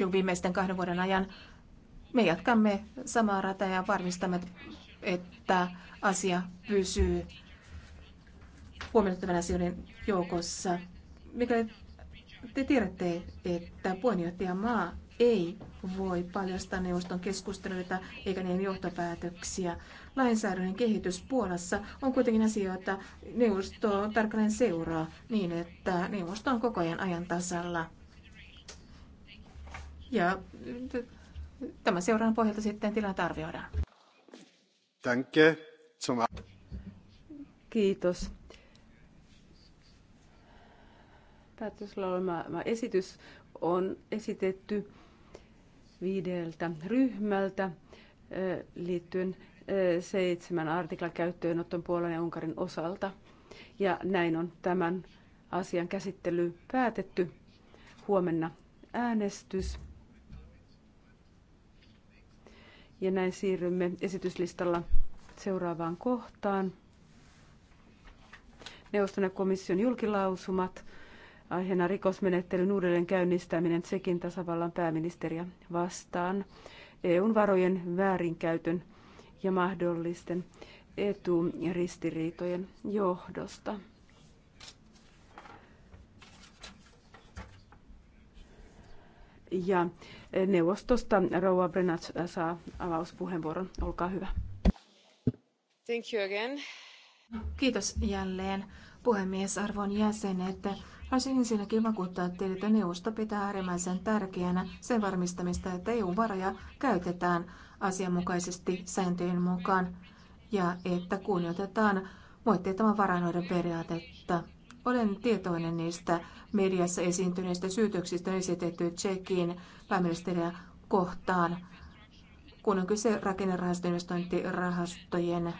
jo viimeisten kahden vuoden ajan. Me jatkamme samaa rataa ja varmistamme, että asia pysyy huomioitettavan asioiden joukossa. Mikäli te tiedätte, että puheenjohtaja maa ei voi paljastaa neuvoston keskusteluita eikä niiden johtopäätöksiä. Lainsäädännön kehitys Puolassa on kuitenkin asioita neuvosto tarkalleen seuraa niin, että neuvosto on koko ajan ajan tasalla. Ja tämän seuraan pohjalta sitten tilanne arvioidaan. Danke Kiitos. Päätöslaulema esitys on esitetty viideltä ryhmältä liittyen seitsemän artiklan käyttöönoton Puolan ja Unkarin osalta. Ja näin on tämän asian käsittely päätetty. Huomenna äänestys. Ja näin siirrymme esityslistalla seuraavaan kohtaan. Neuvoston ja komission julkilausumat. Aiheena rikosmenettelyn uudelleen käynnistäminen Tsekin tasavallan pääministeriä vastaan. EUn varojen väärinkäytön ja mahdollisten eturistiriitojen johdosta. ja eh, neuvostosta Rouva Brennat eh, saa avauspuheenvuoron. Olkaa hyvä. Thank you again. Kiitos jälleen puhemies, arvon jäsenet. Haluaisin ensinnäkin vakuuttaa teille, että neuvosto pitää äärimmäisen tärkeänä sen varmistamista, että EU-varoja käytetään asianmukaisesti sääntöjen mukaan ja että kunnioitetaan moitteettoman varainoiden periaatetta. Olen tietoinen niistä mediassa esiintyneistä syytöksistä esitetty Tsekin pääministeriä kohtaan, kun on kyse rakennerahastoinvestointirahastojen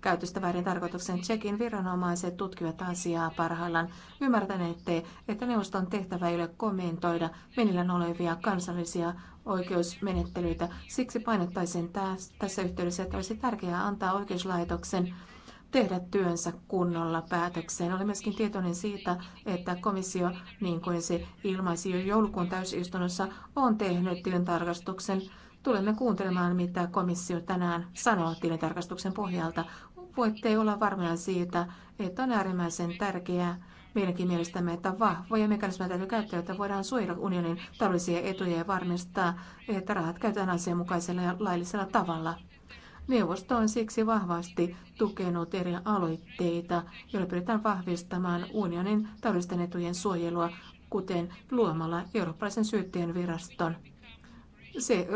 käytöstä väärin tarkoituksen. Tsekin viranomaiset tutkivat asiaa parhaillaan. Ymmärtän, että neuvoston tehtävä ei ole kommentoida menillään olevia kansallisia oikeusmenettelyitä. Siksi painottaisin tässä yhteydessä, että olisi tärkeää antaa oikeuslaitoksen tehdä työnsä kunnolla päätökseen. Olen myöskin tietoinen siitä, että komissio, niin kuin se ilmaisi jo joulukuun täysistunnossa, on tehnyt tilintarkastuksen. Tulemme kuuntelemaan, mitä komissio tänään sanoo tilintarkastuksen pohjalta. Voitte olla varmoja siitä, että on äärimmäisen tärkeää, meidänkin mielestämme, että vahvoja mekanismeja täytyy käyttää, jotta voidaan suojella unionin taloudellisia etuja ja varmistaa, että rahat käytetään asianmukaisella ja laillisella tavalla. Neuvosto on siksi vahvasti tukenut eri aloitteita, joilla pyritään vahvistamaan unionin taloudellisten etujen suojelua, kuten luomalla eurooppalaisen syyttäjän viraston. Se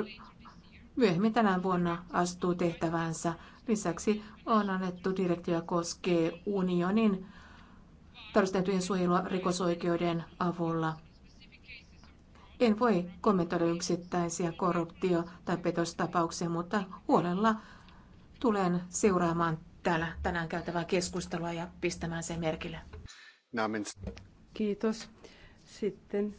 myöhemmin tänä vuonna astuu tehtäväänsä. Lisäksi on annettu direktiivi, koskee unionin taloudellisten suojelua rikosoikeuden avulla. En voi kommentoida yksittäisiä korruptio- tai petostapauksia, mutta huolella Tulen seuraamaan täällä tänään käytävää keskustelua ja pistämään sen merkille. Kiitos. Sitten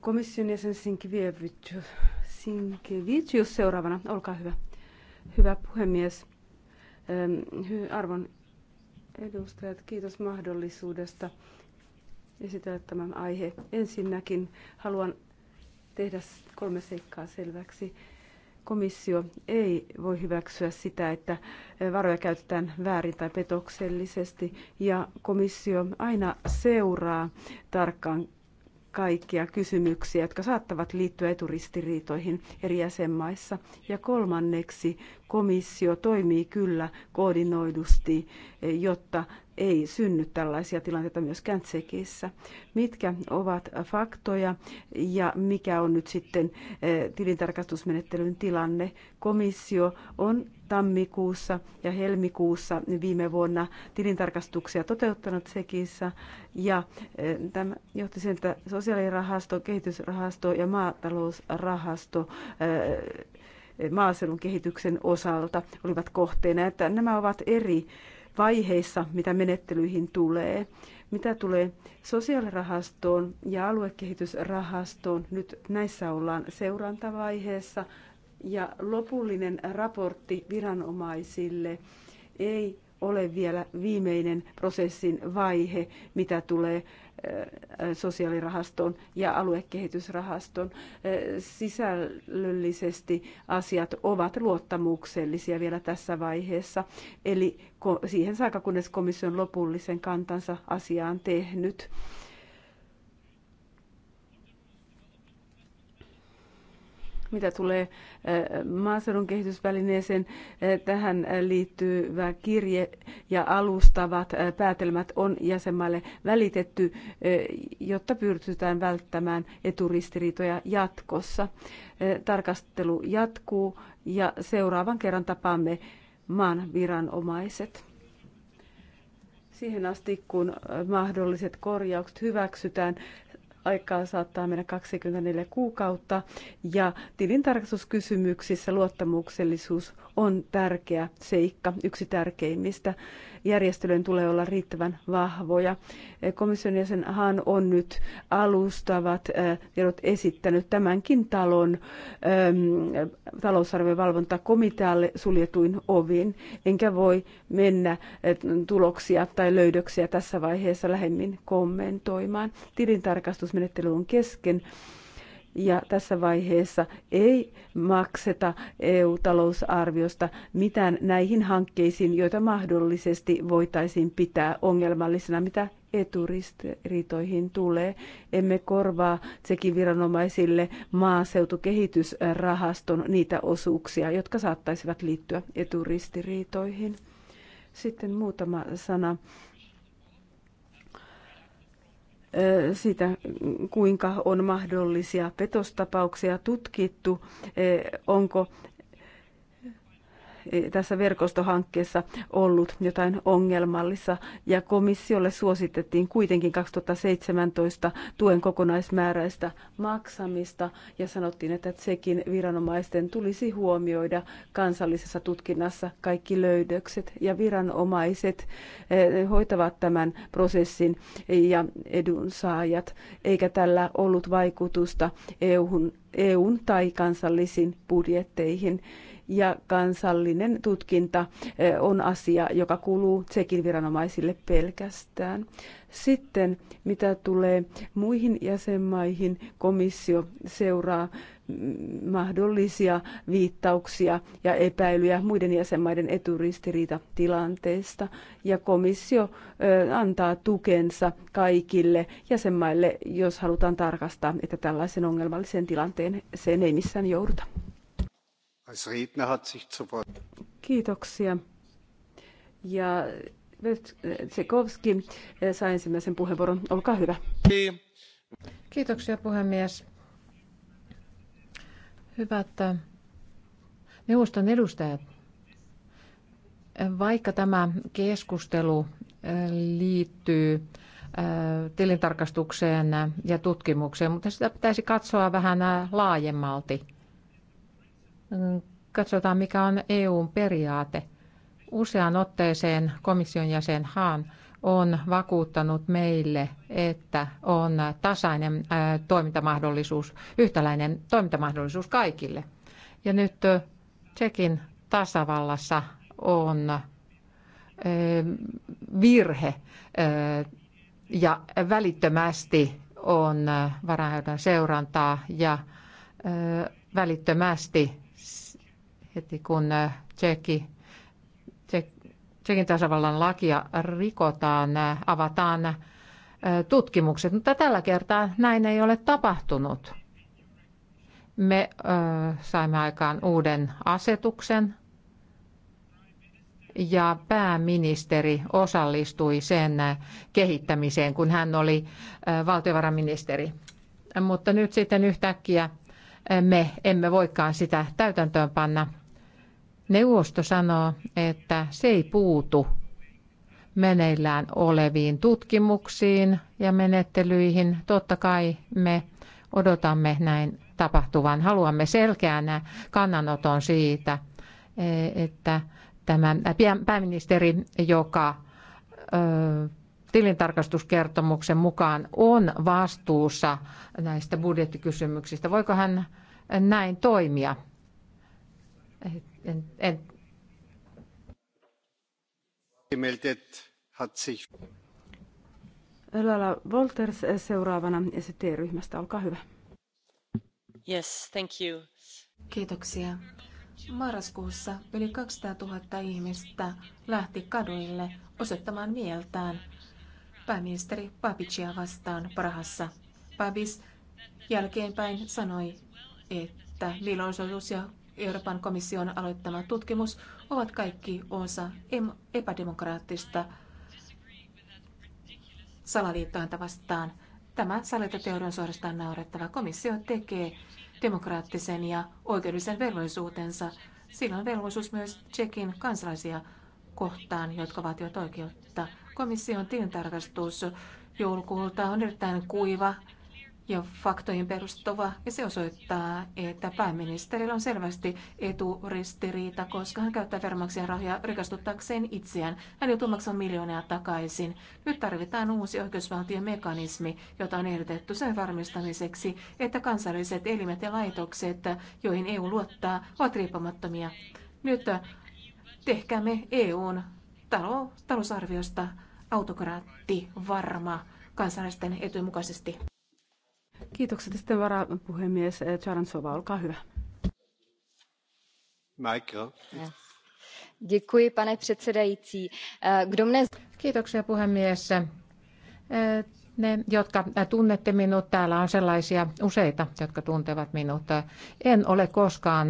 komission jäsen Sinkevicius seuraavana. Olkaa hyvä. Hyvä puhemies. Arvon edustajat, kiitos mahdollisuudesta esitellä tämän aihe. Ensinnäkin haluan tehdä kolme seikkaa selväksi komissio ei voi hyväksyä sitä, että varoja käytetään väärin tai petoksellisesti, ja komissio aina seuraa tarkkaan kaikkia kysymyksiä, jotka saattavat liittyä eturistiriitoihin eri jäsenmaissa. Ja kolmanneksi komissio toimii kyllä koordinoidusti, eh, jotta ei synny tällaisia tilanteita myöskään Tsekissä. Mitkä ovat faktoja ja mikä on nyt sitten eh, tilintarkastusmenettelyn tilanne? Komissio on tammikuussa ja helmikuussa viime vuonna tilintarkastuksia toteuttanut Tsekissä ja eh, tämä johti sen, että sosiaalirahasto, kehitysrahasto ja maatalousrahasto maaseudun kehityksen osalta olivat kohteena, että nämä ovat eri vaiheissa, mitä menettelyihin tulee. Mitä tulee sosiaalirahastoon ja aluekehitysrahastoon, nyt näissä ollaan seurantavaiheessa ja lopullinen raportti viranomaisille ei ole vielä viimeinen prosessin vaihe, mitä tulee sosiaalirahaston ja aluekehitysrahaston sisällöllisesti asiat ovat luottamuksellisia vielä tässä vaiheessa. Eli siihen saakka, kunnes komission lopullisen kantansa asiaan tehnyt. Mitä tulee maaseudun kehitysvälineeseen, tähän liittyvä kirje ja alustavat päätelmät on jäsenmaille välitetty, jotta pyritään välttämään eturistiriitoja jatkossa. Tarkastelu jatkuu ja seuraavan kerran tapaamme maan viranomaiset siihen asti, kun mahdolliset korjaukset hyväksytään, aikaa saattaa mennä 24 kuukautta ja tilintarkastuskysymyksissä luottamuksellisuus on tärkeä seikka, yksi tärkeimmistä. Järjestelyjen tulee olla riittävän vahvoja. Eh, komission jäsenhan on nyt alustavat eh, tiedot esittänyt tämänkin talon ehm, talousarviovalvontakomitealle suljetuin ovin, enkä voi mennä eh, tuloksia tai löydöksiä tässä vaiheessa lähemmin kommentoimaan. Tilintarkastusmenettely on kesken ja tässä vaiheessa ei makseta EU-talousarviosta mitään näihin hankkeisiin, joita mahdollisesti voitaisiin pitää ongelmallisena, mitä eturistiriitoihin tulee. Emme korvaa sekin viranomaisille maaseutukehitysrahaston niitä osuuksia, jotka saattaisivat liittyä eturistiriitoihin. Sitten muutama sana siitä, kuinka on mahdollisia petostapauksia tutkittu, onko tässä verkostohankkeessa ollut jotain ongelmallista ja komissiolle suositettiin kuitenkin 2017 tuen kokonaismääräistä maksamista ja sanottiin, että sekin viranomaisten tulisi huomioida kansallisessa tutkinnassa kaikki löydökset ja viranomaiset eh, hoitavat tämän prosessin ja edunsaajat, eikä tällä ollut vaikutusta EUn, EUn tai kansallisiin budjetteihin ja kansallinen tutkinta eh, on asia, joka kuuluu Tsekin viranomaisille pelkästään. Sitten mitä tulee muihin jäsenmaihin, komissio seuraa mm, mahdollisia viittauksia ja epäilyjä muiden jäsenmaiden eturistiriitatilanteesta. Ja komissio eh, antaa tukensa kaikille jäsenmaille, jos halutaan tarkastaa, että tällaisen ongelmallisen tilanteen sen ei missään jouduta. Kiitoksia. Ja Tsekovski eh, sai ensimmäisen puheenvuoron. Olkaa hyvä. Kiitoksia puhemies. Hyvät eh, neuvoston edustajat, eh, vaikka tämä keskustelu liittyy tilintarkastukseen ja tutkimukseen, mutta sitä pitäisi katsoa vähän laajemmalti Mm, katsotaan, mikä on EUn periaate. Usean otteeseen komission jäsen Haan on vakuuttanut meille, että on tasainen äh, toimintamahdollisuus, yhtäläinen toimintamahdollisuus kaikille. Ja nyt äh, Tsekin tasavallassa on äh, virhe ja välittömästi on varainhoidon seurantaa ja välittömästi heti kun äh, Tsekki, Tsek, Tsekin tasavallan lakia rikotaan, äh, avataan äh, tutkimukset, mutta tällä kertaa näin ei ole tapahtunut. Me ö, saimme aikaan uuden asetuksen ja pääministeri osallistui sen kehittämiseen, kun hän oli ö, valtiovarainministeri. Mutta nyt sitten yhtäkkiä me emme voikaan sitä täytäntöön panna Neuvosto sanoo, että se ei puutu meneillään oleviin tutkimuksiin ja menettelyihin. Totta kai me odotamme näin tapahtuvan. Haluamme selkeänä kannanoton siitä, että tämä pääministeri, joka tilintarkastuskertomuksen mukaan on vastuussa näistä budjettikysymyksistä, voiko hän näin toimia? En, Wolters eh, seuraavana ST-ryhmästä, olkaa hyvä. Yes, thank you. Kiitoksia. Marraskuussa yli 200 000 ihmistä lähti kaduille osoittamaan mieltään pääministeri Babicia vastaan Prahassa. Babis jälkeenpäin sanoi, että mielenosoitus ja Euroopan komission aloittama tutkimus ovat kaikki osa epädemokraattista salaliittointa vastaan. Tämä salaliittoteoria on suorastaan naurettava. Komissio tekee demokraattisen ja oikeudellisen velvollisuutensa. Sillä on velvollisuus myös Tsekin kansalaisia kohtaan, jotka vaativat oikeutta. Komission tilintarkastus joulukuulta on erittäin kuiva ja faktojen perustuva, ja se osoittaa, että pääministerillä on selvästi eturistiriita, koska hän käyttää veronmaksajan rahoja rikastuttaakseen itseään. Hän joutuu maksamaan miljoonia takaisin. Nyt tarvitaan uusi ohjusvaltio-mekanismi, jota on ehdotettu sen varmistamiseksi, että kansalliset elimet ja laitokset, joihin EU luottaa, ovat riippumattomia. Nyt tehkäämme EUn talousarviosta autokraatti varma kansalaisten etujen mukaisesti. Kiitokset sitten varapuhemies eh, Sova, olkaa hyvä. Michael. Děkuji, pane předsedající. Eh, kdo mne... Kiitoksia puhemies. Eh, ne, jotka tunnette minut, täällä on sellaisia useita, jotka tuntevat minut. En ole koskaan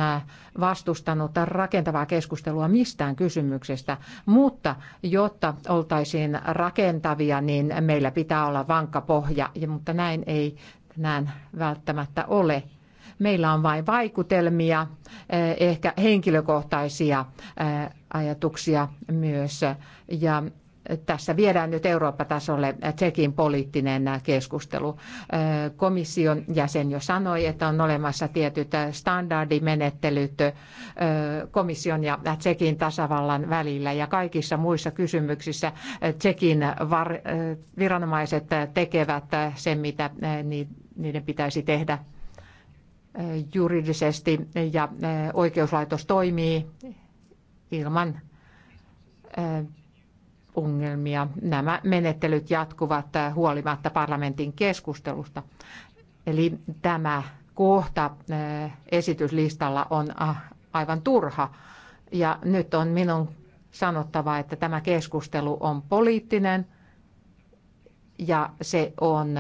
vastustanut rakentavaa keskustelua mistään kysymyksestä, mutta jotta oltaisiin rakentavia, niin meillä pitää olla vankka pohja, mutta näin ei näin välttämättä ole. Meillä on vain vaikutelmia, eh, ehkä henkilökohtaisia eh, ajatuksia myös. Ja tässä viedään nyt Eurooppa-tasolle Tsekin poliittinen keskustelu. Eh, komission jäsen jo sanoi, että on olemassa tietyt standardimenettelyt komission ja Tsekin tasavallan välillä ja kaikissa muissa kysymyksissä Tsekin viranomaiset tekevät sen, mitä niiden pitäisi tehdä juridisesti ja oikeuslaitos toimii ilman ongelmia. Nämä menettelyt jatkuvat huolimatta parlamentin keskustelusta. Eli tämä kohta esityslistalla on aivan turha. Ja nyt on minun sanottava, että tämä keskustelu on poliittinen ja se on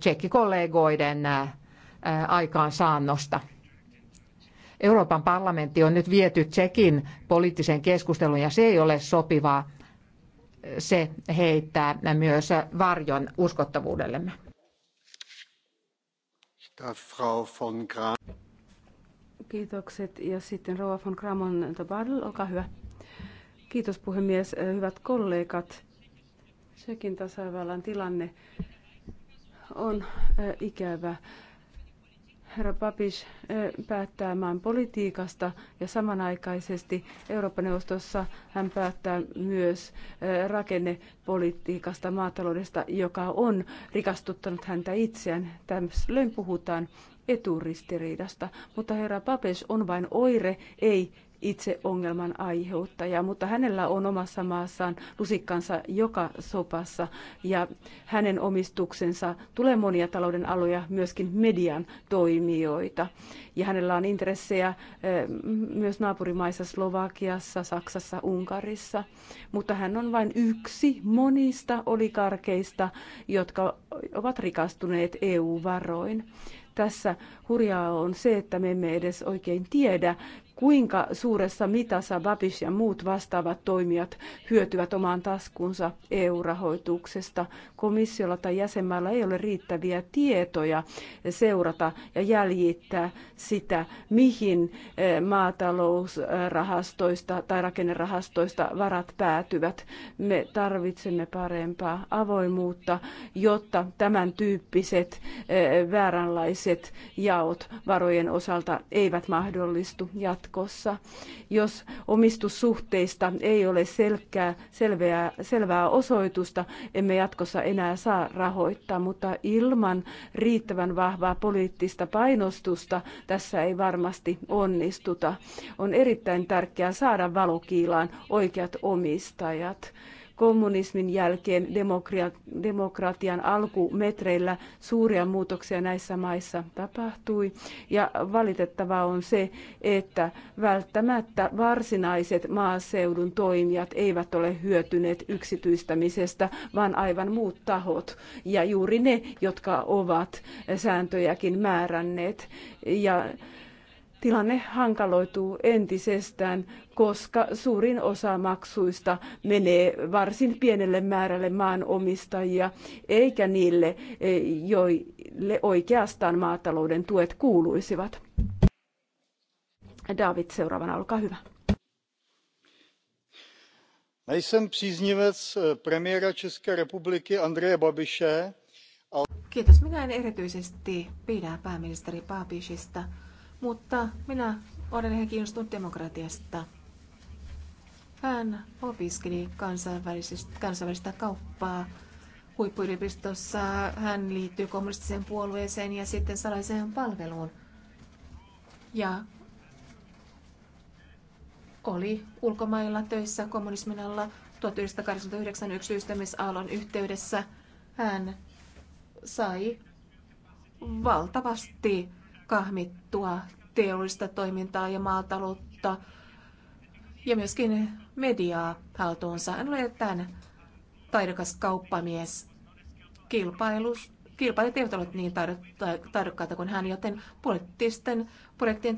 tsekkikollegoiden aikaansaannosta. Euroopan parlamentti on nyt viety Tsekin poliittisen keskustelun ja se ei ole sopivaa. Se heittää myös varjon uskottavuudellemme. Kiitokset ja sitten Rova von Kramon Tabadl, olkaa hyvä. Kiitos puhemies, hyvät kollegat. Tsekin tasavallan tilanne on ikävä. Herra Papis päättää maan politiikasta ja samanaikaisesti Euroopan neuvostossa hän päättää myös rakennepolitiikasta, maataloudesta, joka on rikastuttanut häntä itseään. Tällöin puhutaan eturistiriidasta, mutta herra Papes on vain oire, ei itse ongelman aiheuttaja, mutta hänellä on omassa maassaan lusikkansa joka sopassa ja hänen omistuksensa tulee monia talouden aloja, myöskin median toimijoita. Ja hänellä on intressejä eh, myös naapurimaissa Slovakiassa, Saksassa, Unkarissa, mutta hän on vain yksi monista olikarkeista, jotka ovat rikastuneet EU-varoin tässä hurjaa on se, että me emme edes oikein tiedä, kuinka suuressa mitassa BABIS ja muut vastaavat toimijat hyötyvät omaan taskunsa EU-rahoituksesta. Komissiolla tai jäsenmailla ei ole riittäviä tietoja seurata ja jäljittää sitä, mihin eh, maatalousrahastoista tai rakennerahastoista varat päätyvät. Me tarvitsemme parempaa avoimuutta, jotta tämän tyyppiset eh, vääränlaiset jaot varojen osalta eivät mahdollistu jatkossa jatkossa, jos omistussuhteista ei ole selkää, selveää, selvää osoitusta, emme jatkossa enää saa rahoittaa, mutta ilman riittävän vahvaa poliittista painostusta tässä ei varmasti onnistuta. On erittäin tärkeää saada valokiilaan oikeat omistajat kommunismin jälkeen demokratian alkumetreillä suuria muutoksia näissä maissa tapahtui. Ja valitettavaa on se, että välttämättä varsinaiset maaseudun toimijat eivät ole hyötyneet yksityistämisestä, vaan aivan muut tahot. Ja juuri ne, jotka ovat sääntöjäkin määränneet. Ja tilanne hankaloituu entisestään, koska suurin osa maksuista menee varsin pienelle määrälle maanomistajia, eikä niille, eh, joille oikeastaan maatalouden tuet kuuluisivat. David, seuraavana olkaa hyvä. Nejsem příznivec eh, premiéra České republiky Andreje Babiše. Kiitos. Minä en erityisesti pidä pääministeri Babišista mutta minä olen ihan kiinnostunut demokratiasta. Hän opiskeli kansainvälistä, kansainvälistä kauppaa huippuyliopistossa. Hän liittyy kommunistiseen puolueeseen ja sitten salaiseen palveluun. Ja oli ulkomailla töissä kommunismin alla 1989 yksityistämisaallon yhteydessä. Hän sai valtavasti kahmittua teollista toimintaa ja maataloutta ja myöskin mediaa haltuunsa. Hän oli tämän taidokas kauppamies. Kilpailus, kilpailijat eivät ole niin taidokkaita kuin hän, joten poliittisten projektien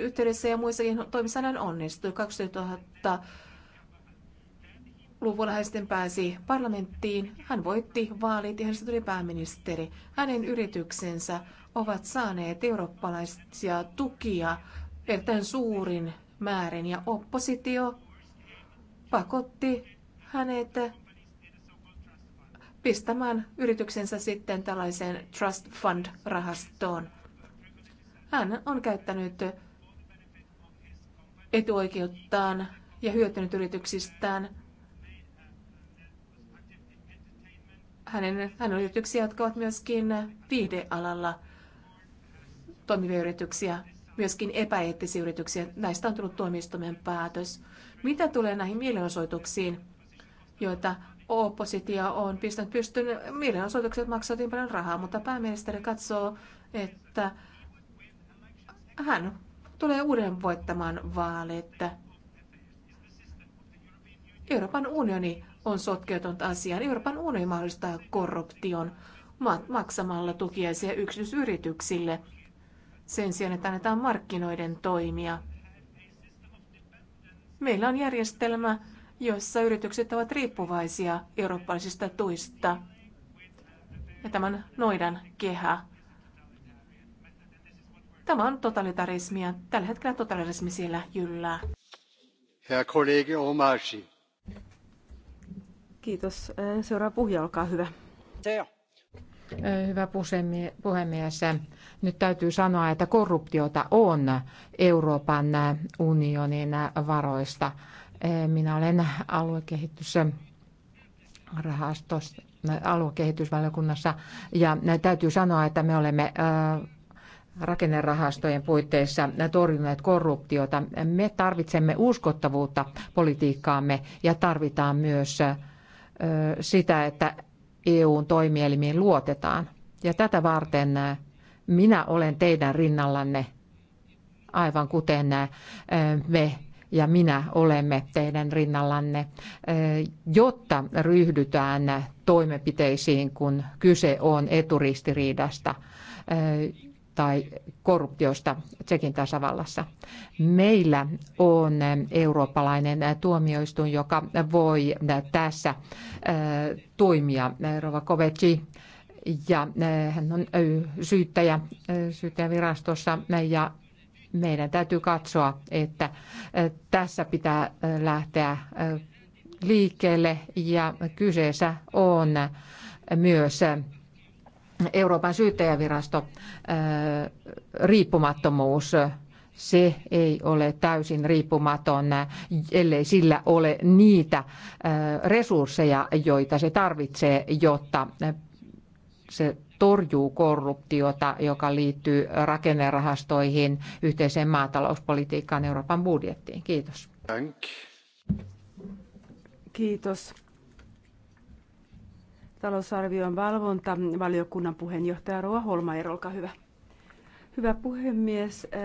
yhteydessä ja muissakin toimissa hän onnistui. 2000 luvulla hän sitten pääsi parlamenttiin. Hän voitti vaalit ja hänestä tuli pääministeri. Hänen yrityksensä ovat saaneet eurooppalaisia tukia erittäin suurin määrin ja oppositio pakotti hänet pistämään yrityksensä sitten tällaiseen Trust Fund-rahastoon. Hän on käyttänyt etuoikeuttaan ja hyötynyt yrityksistään. Hänen, hän on yrityksiä, jotka ovat myöskin viihdealalla toimivia yrityksiä, myöskin epäeettisiä yrityksiä. Näistä on tullut tuomioistuimen päätös. Mitä tulee näihin mielenosoituksiin, joita oppositio on pistänyt pystyyn, mielenosoitukset maksavat niin paljon rahaa, mutta pääministeri katsoo, että hän tulee uuden voittamaan vaalit. Euroopan unioni on sotkeutunut asiaan. Euroopan unioni mahdollistaa korruption maksamalla tukiaisia yksityisyrityksille sen sijaan, että annetaan markkinoiden toimia. Meillä on järjestelmä, jossa yritykset ovat riippuvaisia eurooppalaisista tuista ja tämän noidan kehä. Tämä on totalitarismia. Tällä hetkellä totalitarismi siellä jyllää. Herr kollegi Omarsi. Kiitos. Seuraava puhuja, olkaa hyvä. Seuraava. Hyvä puhemies. Nyt täytyy sanoa, että korruptiota on Euroopan unionin varoista. Minä olen aluekehitys rahastossa, aluekehitysvaliokunnassa ja täytyy sanoa, että me olemme rakennerahastojen puitteissa torjuneet korruptiota. Me tarvitsemme uskottavuutta politiikkaamme ja tarvitaan myös sitä, että EUn toimielimiin luotetaan. Ja tätä varten minä olen teidän rinnallanne, aivan kuten me ja minä olemme teidän rinnallanne, jotta ryhdytään toimenpiteisiin, kun kyse on eturistiriidasta tai korruptiosta Tsekin tasavallassa. Meillä on eurooppalainen tuomioistuin, joka voi tässä toimia. Rova Koveci ja hän on syyttäjä, syyttäjävirastossa ja meidän täytyy katsoa, että tässä pitää lähteä liikkeelle ja kyseessä on myös Euroopan syyttäjävirasto riippumattomuus se ei ole täysin riippumaton, ellei sillä ole niitä resursseja, joita se tarvitsee, jotta se torjuu korruptiota, joka liittyy rakennerahastoihin, yhteiseen maatalouspolitiikkaan, Euroopan budjettiin. Kiitos. Kiitos talousarvion valvonta. Valiokunnan puheenjohtaja Roa Holmaier, olkaa hyvä. Hyvä puhemies eh,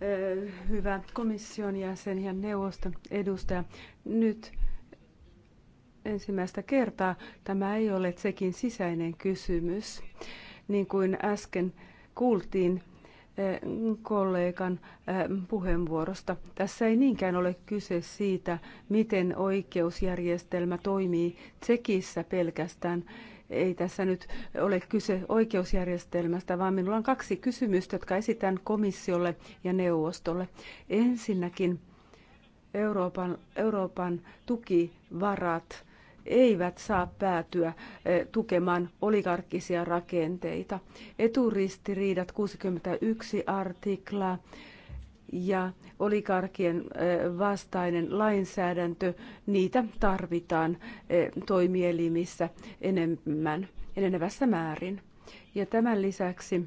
eh, hyvä komission jäsen ja neuvoston edustaja. Nyt ensimmäistä kertaa tämä ei ole sekin sisäinen kysymys. Niin kuin äsken kuultiin, kollegan eh, puheenvuorosta. Tässä ei niinkään ole kyse siitä, miten oikeusjärjestelmä toimii Tsekissä pelkästään. Ei tässä nyt ole kyse oikeusjärjestelmästä, vaan minulla on kaksi kysymystä, jotka esitän komissiolle ja neuvostolle. Ensinnäkin Euroopan, Euroopan tukivarat eivät saa päätyä eh, tukemaan oligarkkisia rakenteita. Eturistiriidat 61 artiklaa ja oligarkien eh, vastainen lainsäädäntö, niitä tarvitaan eh, toimielimissä enemmän, enenevässä määrin. Ja tämän lisäksi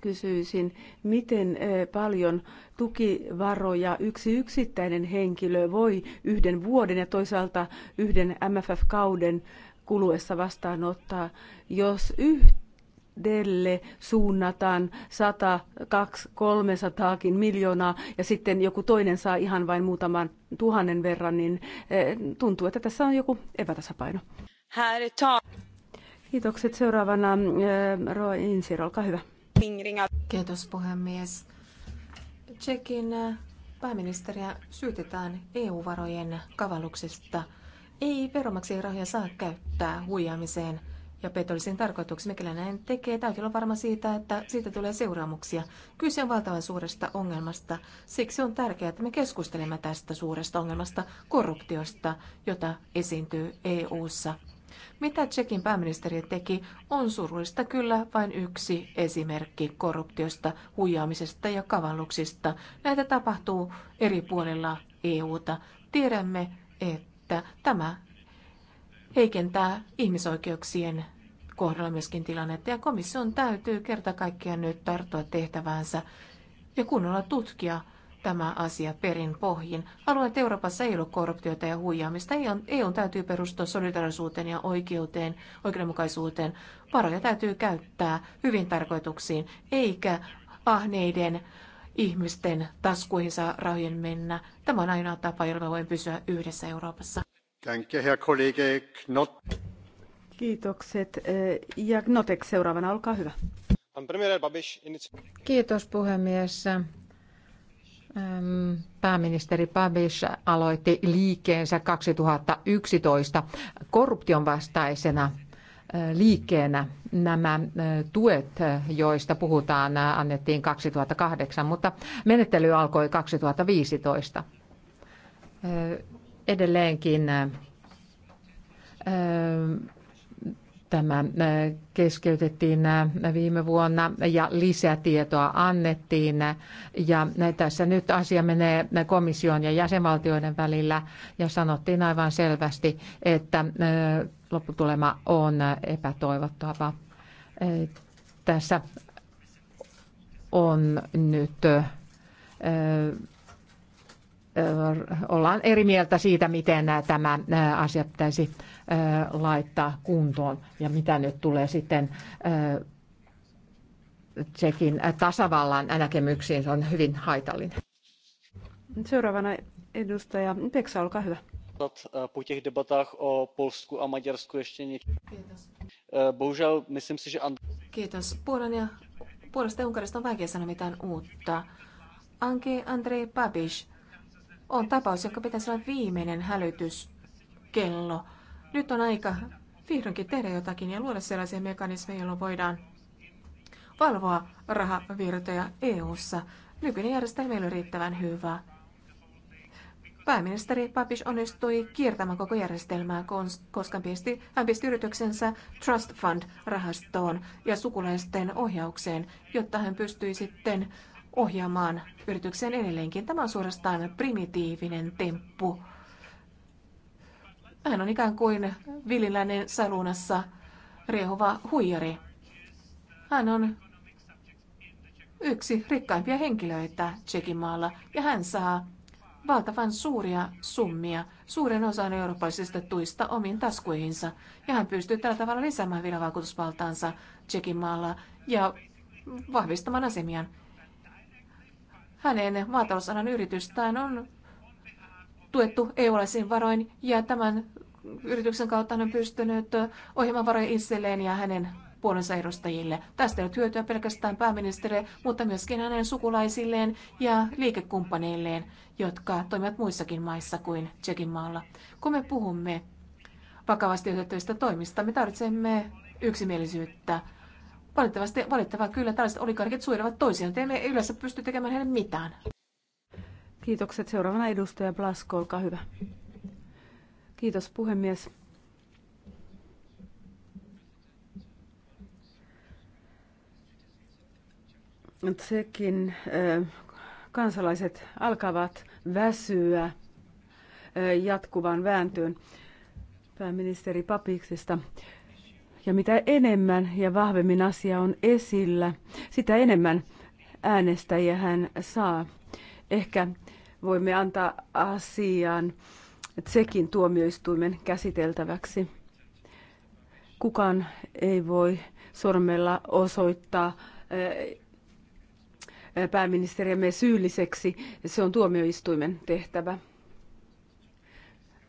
kysyisin, miten paljon tukivaroja yksi yksittäinen henkilö voi yhden vuoden ja toisaalta yhden MFF-kauden kuluessa vastaanottaa, jos yhdelle suunnataan 100, 200, 300 miljoonaa ja sitten joku toinen saa ihan vain muutaman tuhannen verran, niin eh, tuntuu, että tässä on joku epätasapaino. Kiitokset. Seuraavana eh, Roa Insir, olkaa hyvä. Kiitos puhemies Tsekin pääministeriä syytetään EU-varojen kavalluksesta. Ei veronmaksajien rahoja saa käyttää huijaamiseen ja petollisiin tarkoituksiin. Mikäli näin tekee, täytyy olla varma siitä, että siitä tulee seuraamuksia. Kyse on valtavan suuresta ongelmasta. Siksi on tärkeää, että me keskustelemme tästä suuresta ongelmasta, korruptiosta, jota esiintyy EU:ssa. Mitä Tsekin pääministeri teki, on surullista kyllä vain yksi esimerkki korruptiosta, huijaamisesta ja kavalluksista. Näitä tapahtuu eri puolilla EUta. Tiedämme, että tämä heikentää ihmisoikeuksien kohdalla myöskin tilannetta, ja komission täytyy kerta kaikkiaan nyt tarttua tehtäväänsä ja kunnolla tutkia tämä asia perin pohjin. Alueet Euroopassa ei ollut korruptiota ja huijaamista. EU e täytyy perustua solidarisuuteen ja oikeuteen, oikeudenmukaisuuteen. Varoja täytyy käyttää hyvin tarkoituksiin, eikä ahneiden ihmisten taskuihin saa rahojen mennä. Tämä on ainoa tapa, jolla me voimme pysyä yhdessä Euroopassa. Danke, Herr Kollege Kiitokset. Ja Knotek seuraavana, olkaa hyvä. Kiitos puhemies. Pääministeri Babish aloitti liikkeensä 2011 korruption vastaisena äh, liikkeenä nämä äh, tuet, äh, joista puhutaan, annettiin 2008, mutta menettely alkoi 2015. Edelleenkin Tämä äh, keskeytettiin äh, viime vuonna ja lisätietoa annettiin. Ja äh, tässä nyt asia menee komission ja jäsenvaltioiden välillä ja sanottiin aivan selvästi, että lopputulema on epätoivottava. Tässä on nyt ollaan eri mieltä siitä, miten tämä asia pitäisi laittaa kuntoon. Ja mitä nyt tulee sitten Tsekin tasavallan näkemyksiin, se on hyvin haitallinen. Seuraavana edustaja Peksa, olkaa hyvä. Po těch debatách o Polsku a Maďarsku ještě něco. Kiitos. E, bohužel, myslím si, že... Kiitos. Puolan ja puolesta Unkarista on vaikea sanoa mitään uutta. Anki Andrei Babiš on tapaus, joka pitäisi olla viimeinen hälytyskello nyt on aika vihdoinkin tehdä jotakin ja luoda sellaisia mekanismeja, joilla voidaan valvoa rahavirtoja EU-ssa. Nykyinen järjestelmä ei ole riittävän hyvä. Pääministeri Papis onnistui kiertämään koko järjestelmää, koska pisti, hän pisti yrityksensä Trust Fund-rahastoon ja sukulaisten ohjaukseen, jotta hän pystyi sitten ohjaamaan yritykseen edelleenkin. Tämä on suorastaan primitiivinen temppu. Hän on ikään kuin villiläinen salunassa rehova huijari. Hän on yksi rikkaimpia henkilöitä Tsekin maalla ja hän saa valtavan suuria summia, suuren osan eurooppalaisista tuista omiin taskuihinsa. Ja hän pystyy tällä tavalla lisäämään vielä vaikutusvaltaansa Tsekin maalla ja vahvistamaan asemiaan. Hänen maatalousalan yritystään on tuettu EU-laisiin varoin ja tämän yrityksen kautta hän on pystynyt ohjelman varoja itselleen ja hänen puolensa edustajille. Tästä ei ole hyötyä pelkästään pääministerille, mutta myöskin hänen sukulaisilleen ja liikekumppaneilleen, jotka toimivat muissakin maissa kuin Tsekin maalla. Kun me puhumme vakavasti otettavista toimista, me tarvitsemme yksimielisyyttä. Valitettavasti, valittavaa kyllä, tällaiset olikarkit suojelevat toisiaan. Te emme yleensä pysty tekemään heille mitään. Kiitokset. Seuraavana edustaja Blasko, olkaa hyvä. Kiitos puhemies. sekin kansalaiset alkavat väsyä jatkuvan vääntöön pääministeri Papiksesta. Ja mitä enemmän ja vahvemmin asia on esillä, sitä enemmän äänestäjiä hän saa. Ehkä voimme antaa asian sekin tuomioistuimen käsiteltäväksi. Kukaan ei voi sormella osoittaa eh, eh, pääministeriämme syylliseksi. Se on tuomioistuimen tehtävä.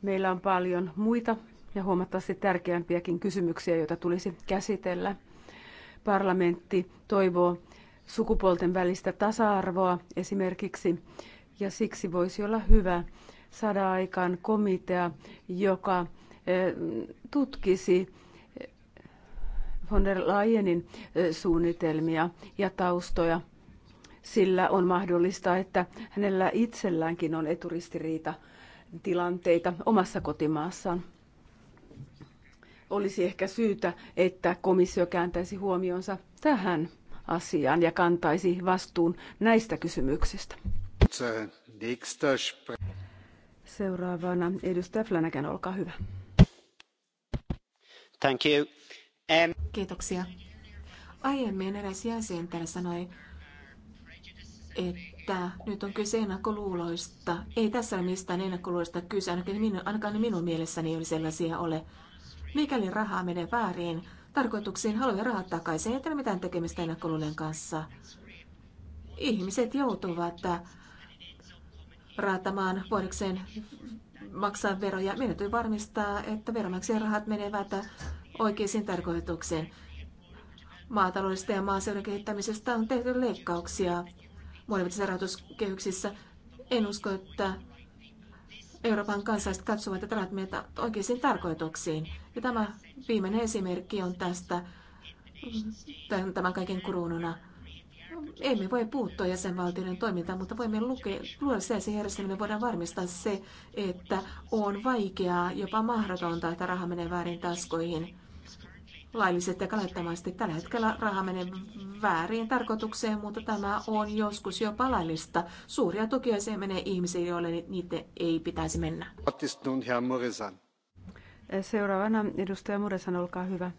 Meillä on paljon muita ja huomattavasti tärkeämpiäkin kysymyksiä, joita tulisi käsitellä. Parlamentti toivoo sukupuolten välistä tasa-arvoa esimerkiksi, ja siksi voisi olla hyvä saada aikaan komitea, joka eh, tutkisi eh, von der Leyenin eh, suunnitelmia ja taustoja, sillä on mahdollista, että hänellä itselläänkin on eturistiriita tilanteita omassa kotimaassaan. Olisi ehkä syytä, että komissio kääntäisi huomionsa tähän asiaan ja kantaisi vastuun näistä kysymyksistä. Seuraavana edustaja Flanagan, olkaa hyvä. Thank you. Um... Kiitoksia. Aiemmin eräs jäsen täällä sanoi, että nyt on kyse ennakkoluuloista. Ei tässä ole mistään ennakkoluuloista kyse, ainakaan minun, ainakaan minun mielessäni ei ole sellaisia ole. Mikäli rahaa menee väärin, tarkoituksiin, haluaa rahat takaisin. Ei ole mitään tekemistä ennakkoluulen kanssa. Ihmiset joutuvat raatamaan vuodekseen maksaa veroja. Meidän täytyy varmistaa, että veronmaksajien rahat menevät oikeisiin tarkoituksiin. Maataloudesta ja maaseudun kehittämisestä on tehty leikkauksia monivuotisissa rahoituskehyksissä. En usko, että Euroopan kansalaiset katsovat, että rahat menevät oikeisiin tarkoituksiin. Ja tämä viimeinen esimerkki on tästä tämän kaiken kruununa. Emme voi puuttua jäsenvaltioiden toimintaan, mutta voimme lukea, luoda sellaisen järjestelmän, voidaan varmistaa se, että on vaikeaa, jopa mahdotonta, että raha menee väärin taskoihin lailliset ja kannattavasti. Tällä hetkellä raha menee väärin tarkoitukseen, mutta tämä on joskus jo laillista. Suuria tukia se menee ihmisille, joille niitä ei pitäisi mennä. Seuraavana edustaja Muresan, olkaa hyvä.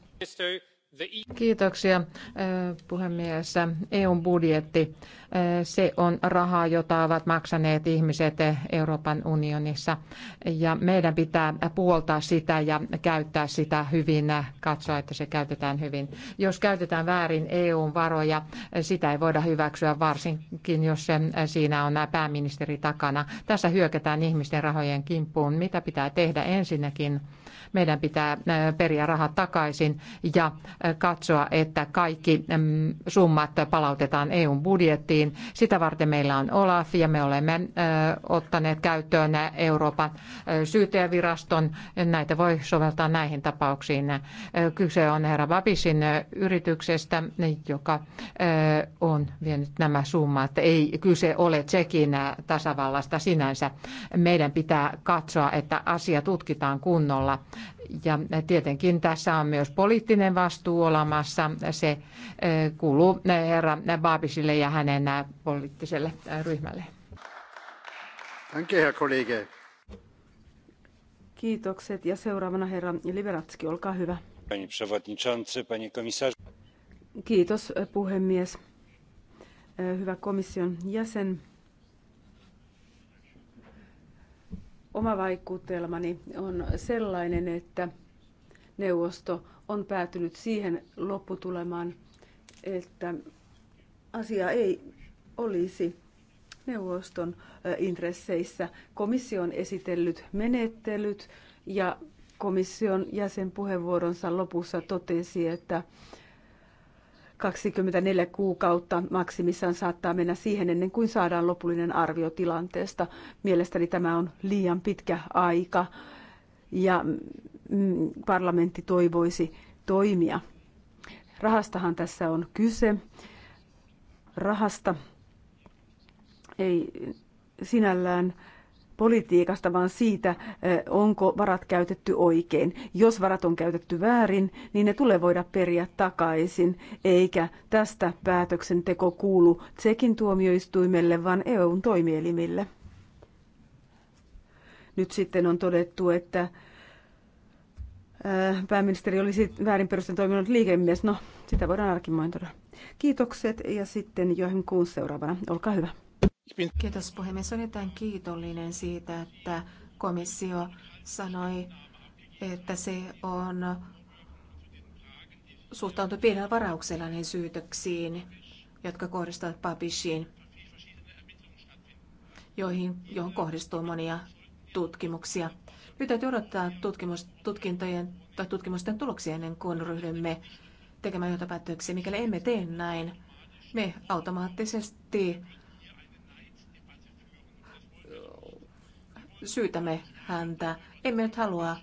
E- Kiitoksia puhemies. EUn budjetti, se on rahaa, jota ovat maksaneet ihmiset Euroopan unionissa. Ja meidän pitää puoltaa sitä ja käyttää sitä hyvin, katsoa, että se käytetään hyvin. Jos käytetään väärin EUn varoja, sitä ei voida hyväksyä, varsinkin jos siinä on pääministeri takana. Tässä hyökätään ihmisten rahojen kimppuun. Mitä pitää tehdä ensinnäkin? Meidän pitää periä rahat takaisin ja katsoa, että kaikki summat palautetaan EUn budjettiin. Sitä varten meillä on OLAF ja me olemme ottaneet käyttöön Euroopan syyttäjäviraston. Näitä voi soveltaa näihin tapauksiin. Kyse on herra Babisin yrityksestä, joka on vienyt nämä summat. Ei kyse ole Tsekin tasavallasta sinänsä. Meidän pitää katsoa, että asia tutkitaan kunnolla ja tietenkin tässä on myös poliittinen vastuu olemassa. Se eh, kuuluu eh, herra Baabisille ja hänen eh, poliittiselle ryhmälle. Kiitokset ja seuraavana herra Liberatski, olkaa hyvä. Kiitos puhemies. Hyvä komission jäsen. Oma vaikutelmani on sellainen, että neuvosto on päätynyt siihen lopputulemaan, että asia ei olisi neuvoston intresseissä. Komissio on esitellyt menettelyt ja komission jäsenpuheenvuoronsa lopussa totesi, että 24 kuukautta maksimissaan saattaa mennä siihen ennen kuin saadaan lopullinen arvio tilanteesta. Mielestäni tämä on liian pitkä aika ja mm, parlamentti toivoisi toimia. Rahastahan tässä on kyse. Rahasta ei sinällään politiikasta, vaan siitä, onko varat käytetty oikein. Jos varat on käytetty väärin, niin ne tulee voida periä takaisin, eikä tästä päätöksenteko kuulu Tsekin tuomioistuimelle, vaan EUn toimielimille. Nyt sitten on todettu, että pääministeri olisi väärin perusten toiminut liikemies. No, sitä voidaan arkimaintoida. Kiitokset ja sitten Johan Kuun seuraavana. Olkaa hyvä. Kiitos puhemies. Olen erittäin kiitollinen siitä, että komissio sanoi, että se on suhtautunut pienellä varauksella niihin syytöksiin, jotka kohdistuvat Babishiin, joihin, johon kohdistuu monia tutkimuksia. Nyt täytyy odottaa tutkimus, tutkintojen tai tutkimusten tuloksia ennen kuin ryhdymme tekemään johtopäätöksiä. Mikäli emme tee näin, me automaattisesti syytämme häntä. Emme nyt halua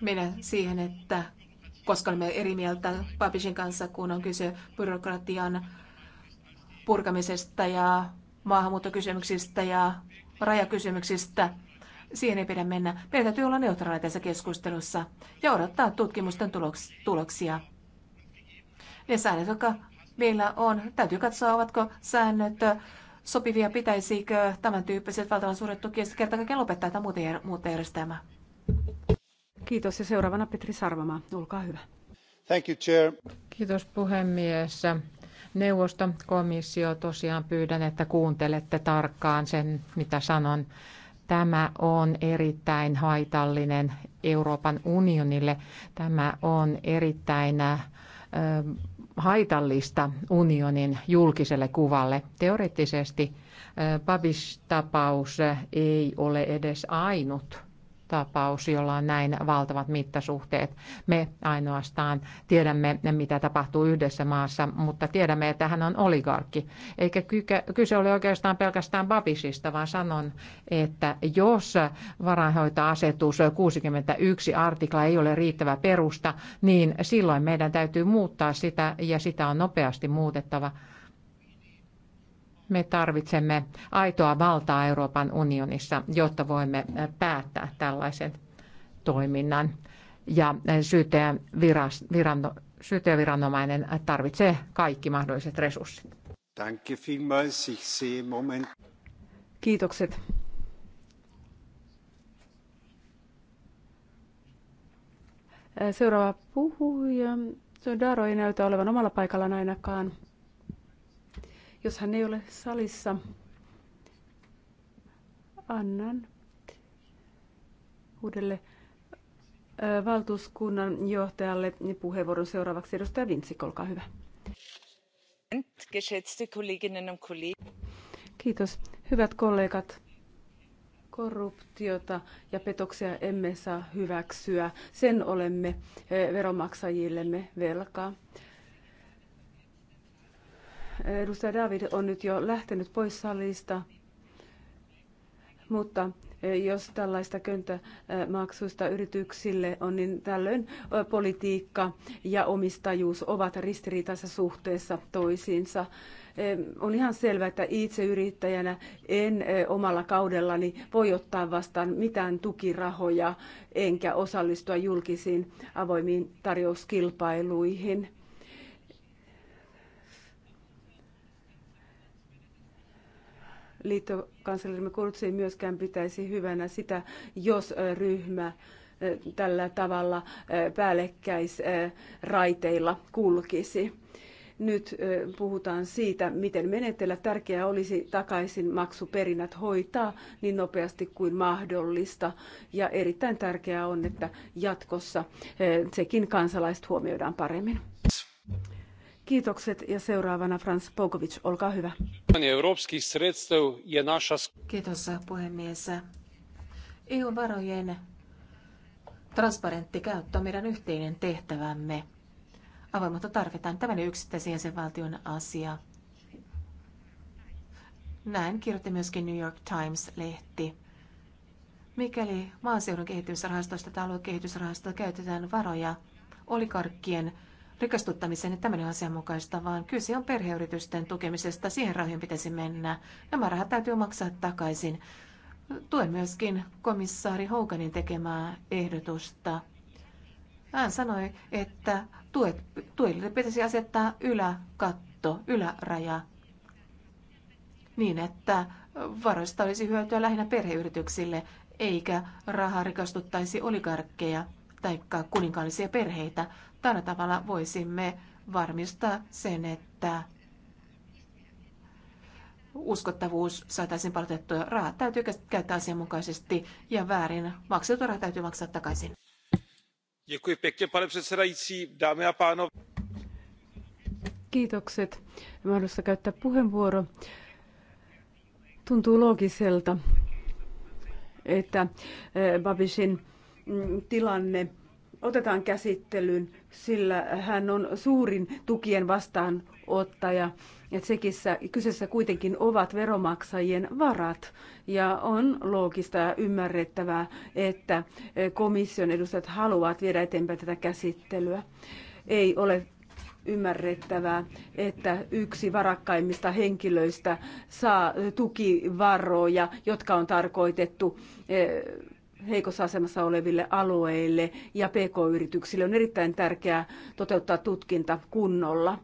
mennä siihen, että koska olemme eri mieltä Babishin kanssa, kun on kyse byrokratian purkamisesta ja maahanmuuttokysymyksistä ja rajakysymyksistä. Siihen ei pidä mennä. Meidän täytyy olla neutraali tässä keskustelussa ja odottaa tutkimusten tuloksia. Ne säännöt, jotka meillä on. Täytyy katsoa, ovatko säännöt sopivia, pitäisikö tämän tyyppiset valtavan suuret tukijat kerta kaikkiaan lopettaa tai muuten muuta järjestelmää. Kiitos ja seuraavana Petri Sarvamaa, olkaa hyvä. Thank you, Chair. Kiitos puhemies. Neuvosto, komissio, tosiaan pyydän, että kuuntelette tarkkaan sen, mitä sanon. Tämä on erittäin haitallinen Euroopan unionille. Tämä on erittäin haitallista unionin julkiselle kuvalle. Teoreettisesti Babis-tapaus ei ole edes ainut tapaus, jolla on näin valtavat mittasuhteet. Me ainoastaan tiedämme, mitä tapahtuu yhdessä maassa, mutta tiedämme, että hän on oligarkki. Eikä kyse ole oikeastaan pelkästään Babisista, vaan sanon, että jos varainhoitoasetus 61 artikla ei ole riittävä perusta, niin silloin meidän täytyy muuttaa sitä ja sitä on nopeasti muutettava me tarvitsemme aitoa valtaa Euroopan unionissa, jotta voimme päättää tällaisen toiminnan. Ja syyttäjän syyttäjäviranomainen tarvitsee kaikki mahdolliset resurssit. Kiitokset. Seuraava puhuja. Daro ei näytä olevan omalla paikallaan ainakaan. Jos hän ei ole salissa, annan uudelle valtuuskunnan johtajalle puheenvuoron seuraavaksi. Edustaja Vintsik, olkaa hyvä. Kiitos. Hyvät kollegat, korruptiota ja petoksia emme saa hyväksyä. Sen olemme veronmaksajillemme velkaa. Edustaja David on nyt jo lähtenyt pois salista, mutta e, jos tällaista köntämaksuista yrityksille on, niin tällöin e, politiikka ja omistajuus ovat ristiriitaisessa suhteessa toisiinsa. E, on ihan selvää, että itse yrittäjänä en omalla kaudellani voi ottaa vastaan mitään tukirahoja enkä osallistua julkisiin avoimiin tarjouskilpailuihin liittokanslerimme Kurz ei myöskään pitäisi hyvänä sitä, jos ryhmä tällä tavalla päällekkäisraiteilla kulkisi. Nyt puhutaan siitä, miten menetellä. Tärkeää olisi takaisin maksuperinnät hoitaa niin nopeasti kuin mahdollista. Ja erittäin tärkeää on, että jatkossa sekin kansalaiset huomioidaan paremmin. Kiitokset ja seuraavana Frans Pokovic, olkaa hyvä. Kiitos puhemies. EU-varojen transparentti käyttö on meidän yhteinen tehtävämme. Avoimuutta tarvitaan. Tämä yksittäisen jäsenvaltion asia. Näin kirjoitti myöskin New York Times-lehti. Mikäli maaseudun kehitysrahastosta tai aluekehitysrahastosta käytetään varoja oligarkkien rikastuttamiseen, niin tämmöinen asianmukaista, vaan kyse on perheyritysten tukemisesta. Siihen rahojen pitäisi mennä. Nämä rahat täytyy maksaa takaisin. Tuen myöskin komissaari Houkanin tekemää ehdotusta. Hän sanoi, että tuet, tuille pitäisi asettaa yläkatto, yläraja, niin että varoista olisi hyötyä lähinnä perheyrityksille, eikä rahaa rikastuttaisi oligarkkeja tai kuninkaallisia perheitä. Tällä tavalla voisimme varmistaa sen, että uskottavuus saataisiin palautettua. Rahat täytyy käyttää asianmukaisesti ja väärin maksettu raha täytyy maksaa takaisin. Děkuji pěkně, pane předsedající, dámy a pánové. Kiitokset. Mahdollista käyttää puheenvuoro. Tuntuu loogiselta, että eh, Babishin Mm, tilanne otetaan käsittelyyn, sillä hän on suurin tukien vastaanottaja. Tsekissä kyseessä kuitenkin ovat veromaksajien varat ja on loogista ja ymmärrettävää, että eh, komission edustajat haluavat viedä eteenpäin tätä käsittelyä. Ei ole ymmärrettävää, että yksi varakkaimmista henkilöistä saa tukivaroja, jotka on tarkoitettu eh, heikossa asemassa oleville alueille ja pk-yrityksille on erittäin tärkeää toteuttaa tutkinta kunnolla.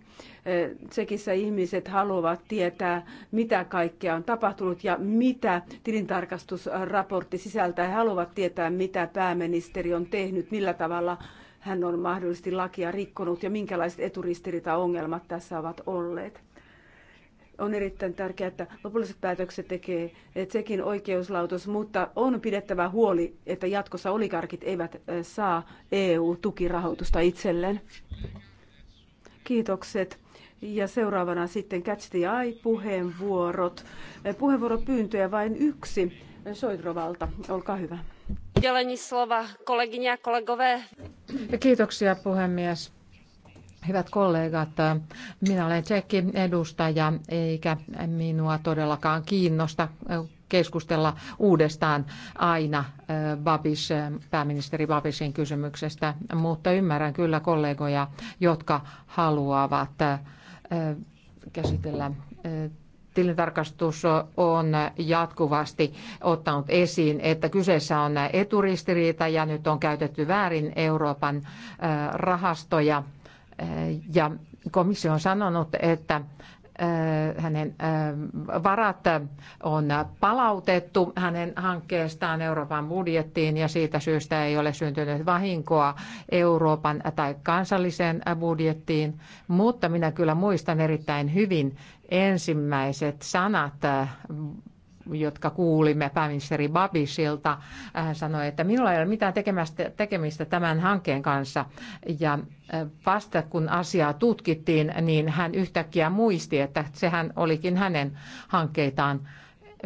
Tsekissä ihmiset haluavat tietää, mitä kaikkea on tapahtunut ja mitä tilintarkastusraportti sisältää. He haluavat tietää, mitä pääministeri on tehnyt, millä tavalla hän on mahdollisesti lakia rikkonut ja minkälaiset ongelmat tässä ovat olleet on erittäin tärkeää, että lopulliset päätökset tekee eh, sekin oikeuslautus, mutta on pidettävä huoli, että jatkossa oligarkit eivät eh, saa EU-tukirahoitusta itselleen. Kiitokset. Ja seuraavana sitten Catch the Eye-puheenvuorot. Eh, puheenvuoropyyntöjä vain yksi Soidrovalta. Olkaa hyvä. Kiitoksia puhemies Hyvät kollegat, minä olen tsekki edustaja, eikä minua todellakaan kiinnosta keskustella uudestaan aina Babis, pääministeri Babisin kysymyksestä, mutta ymmärrän kyllä kollegoja, jotka haluavat käsitellä tilintarkastus on jatkuvasti ottanut esiin, että kyseessä on eturistiriita ja nyt on käytetty väärin Euroopan rahastoja ja komissio on sanonut, että hänen varat on palautettu hänen hankkeestaan Euroopan budjettiin ja siitä syystä ei ole syntynyt vahinkoa Euroopan tai kansalliseen budjettiin. Mutta minä kyllä muistan erittäin hyvin ensimmäiset sanat jotka kuulimme pääministeri Babisilta, sanoi, että minulla ei ole mitään tekemistä tämän hankkeen kanssa. Ja vasta kun asiaa tutkittiin, niin hän yhtäkkiä muisti, että sehän olikin hänen hankkeitaan.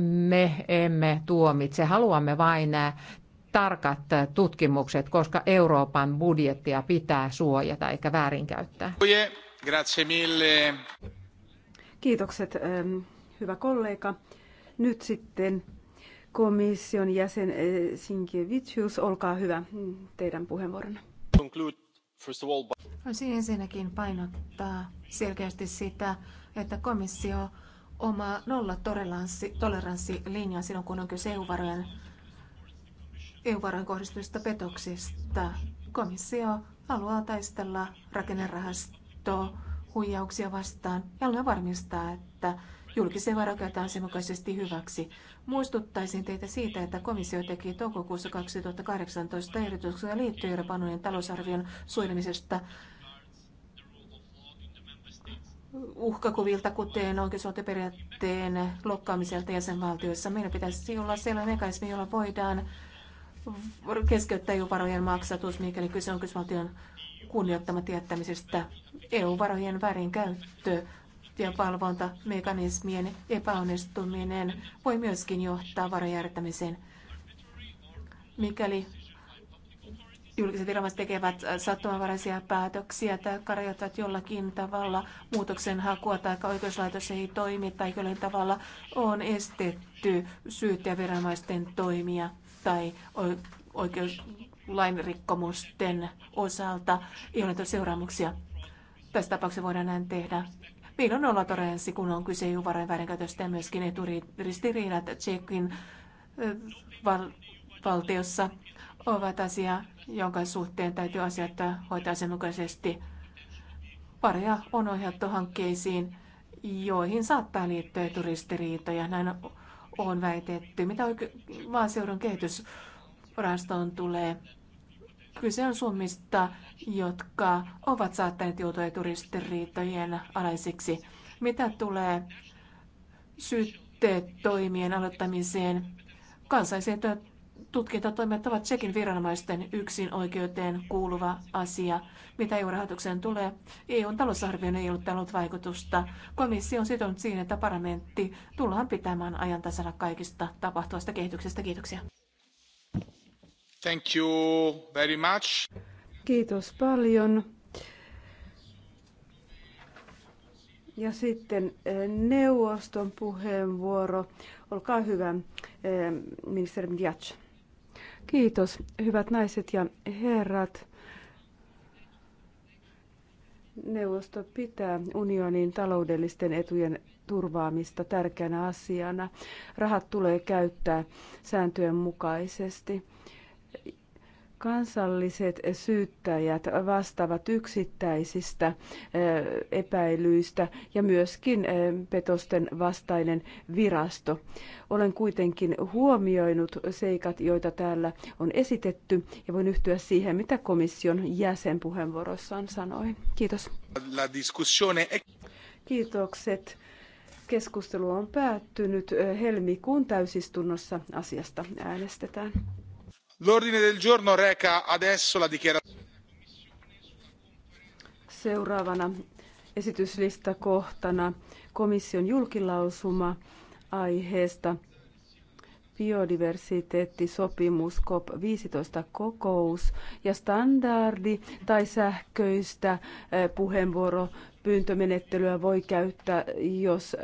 Me emme tuomitse, haluamme vain tarkat tutkimukset, koska Euroopan budjettia pitää suojata eikä väärinkäyttää. Kiitokset, hyvä kollega. Nyt sitten komission jäsen eh, Sinkevicius, olkaa hyvä mm, teidän puheenvuoronne. Haluaisin ensinnäkin painottaa selkeästi sitä, että komissio oma nollatoleranssilinja silloin, kun on kyse EU-varojen, EU-varojen kohdistuista petoksista. Komissio haluaa taistella rakennerahasto huijauksia vastaan ja haluaa varmistaa, että julkisen varan käytetään asianmukaisesti hyväksi. Muistuttaisin teitä siitä, että komissio teki toukokuussa 2018 ehdotuksia liittyen Euroopan unionin talousarvion suojelemisesta uhkakuvilta, kuten oikeusvaltioperiaatteen lokkaamiselta jäsenvaltioissa. Meidän pitäisi olla sellainen mekanismi, jolla voidaan keskeyttää EU-varojen maksatus, mikäli kyse on oikeusvaltion kunnioittamatta jättämisestä. EU-varojen väärinkäyttö ja valvontamekanismien epäonnistuminen voi myöskin johtaa varojärjestämiseen. Mikäli julkiset viranomaiset tekevät sattumanvaraisia päätöksiä tai karjoittavat jollakin tavalla muutoksen hakua tai oikeuslaitos ei toimi tai jollain tavalla on estetty syyttäjäviranomaisten toimia tai oikeuslain rikkomusten osalta ei seuraamuksia. Tässä tapauksessa voidaan näin tehdä. Meillä on nollatoleranssi, kun on kyse EU-varojen väärinkäytöstä ja myöskin eturistiriidat Tsekin val- valtiossa ovat asia, jonka suhteen täytyy asiat hoitaa sen mukaisesti. Paria on ohjattu hankkeisiin, joihin saattaa liittyä eturistiriitoja. Näin on väitetty. Mitä oikein maaseudun kehitysrahastoon tulee? Kyse on summista, jotka ovat saattaneet joutua eturistiriitojen alaisiksi. Mitä tulee syytteetoimien aloittamiseen, kansalliset tutkintatoimet ovat sekin viranomaisten yksin oikeuteen kuuluva asia. Mitä EU-rahoitukseen tulee, EUn talousarvioon ei ollut ollut vaikutusta. Komissio on sitonut siihen, että parlamentti tullaan pitämään ajan tasalla kaikista tapahtuvasta kehityksestä. Kiitoksia. Thank you very much. Kiitos paljon. Ja sitten eh, neuvoston puheenvuoro. Olkaa hyvä, eh, ministeri Mdiac. Kiitos, hyvät naiset ja herrat. Neuvosto pitää unionin taloudellisten etujen turvaamista tärkeänä asiana. Rahat tulee käyttää sääntöjen mukaisesti Kansalliset syyttäjät vastaavat yksittäisistä epäilyistä ja myöskin petosten vastainen virasto. Olen kuitenkin huomioinut seikat, joita täällä on esitetty ja voin yhtyä siihen, mitä komission jäsen puheenvuorossaan sanoi. Kiitos. Kiitokset. Keskustelu on päättynyt. Helmikuun täysistunnossa asiasta äänestetään l'ordine del giorno reca adesso la dichiarazione Seuraavana esityslistakohtana komission julkilausuma aiheesta biodiversiteettisopimus COP15 kokous ja standardi tai sähköistä eh, puheenvuoropyyntömenettelyä voi käyttää, jos eh,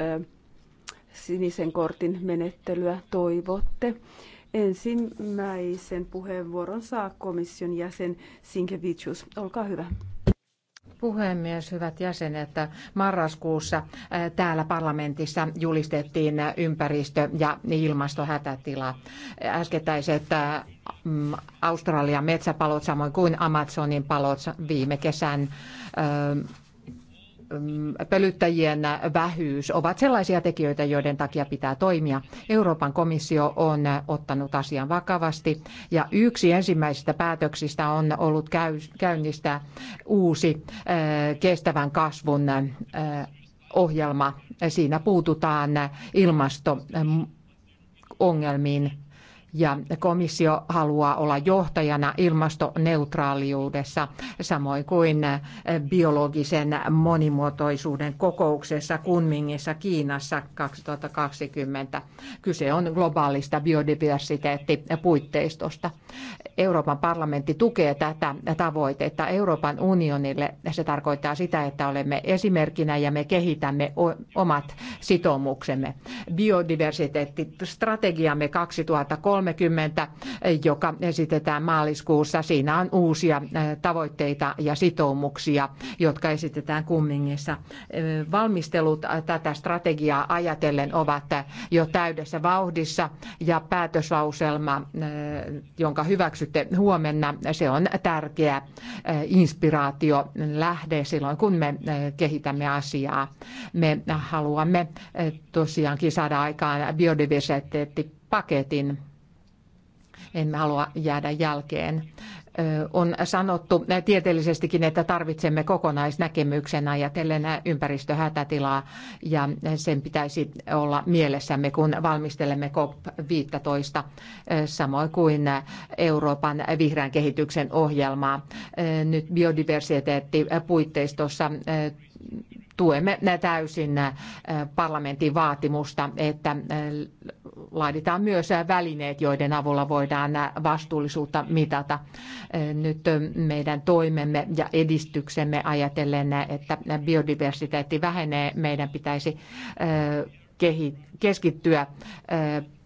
sinisen kortin menettelyä toivotte. Ensimmäisen puheenvuoron saa komission jäsen Sinkevicius. Olkaa hyvä puhemies, hyvät jäsenet, marraskuussa eh, täällä parlamentissa julistettiin ympäristö- ja ilmastohätätila. Äskettäiset eh, mm, Australian metsäpalot, samoin kuin Amazonin palot viime kesän eh, Mm, pölyttäjien vähyys ovat sellaisia tekijöitä, joiden takia pitää toimia. Euroopan komissio on ottanut asian vakavasti ja yksi ensimmäisistä päätöksistä on ollut käynnistää uusi eh, kestävän kasvun eh, ohjelma. Siinä puututaan ilmasto mm, ongelmiin ja komissio haluaa olla johtajana ilmastoneutraaliudessa, samoin kuin biologisen monimuotoisuuden kokouksessa Kunmingissa Kiinassa 2020. Kyse on globaalista biodiversiteettipuitteistosta. Euroopan parlamentti tukee tätä tavoitetta Euroopan unionille. Se tarkoittaa sitä, että olemme esimerkkinä ja me kehitämme omat sitoumuksemme. Biodiversiteettistrategiamme 2030 Kolmekymmentä, joka esitetään maaliskuussa. Siinä on uusia äh, tavoitteita ja sitoumuksia, jotka esitetään Kummingissa. Äh, valmistelut äh, tätä strategiaa ajatellen ovat jo täydessä vauhdissa ja päätöslauselma, jonka hyväksytte huomenna, se on tärkeä inspiraatio lähde silloin, kun me kehitämme asiaa. Me haluamme tosiaankin saada aikaan biodiversiteettipaketin emme halua jäädä jälkeen. On sanottu tieteellisestikin, että tarvitsemme kokonaisnäkemyksen ajatellen ympäristöhätätilaa ja sen pitäisi olla mielessämme, kun valmistelemme COP15, samoin kuin Euroopan vihreän kehityksen ohjelmaa. Nyt biodiversiteettipuitteistossa tuemme täysin parlamentin vaatimusta, että laaditaan myös välineet, joiden avulla voidaan vastuullisuutta mitata. Nyt meidän toimemme ja edistyksemme ajatellen, että biodiversiteetti vähenee, meidän pitäisi keskittyä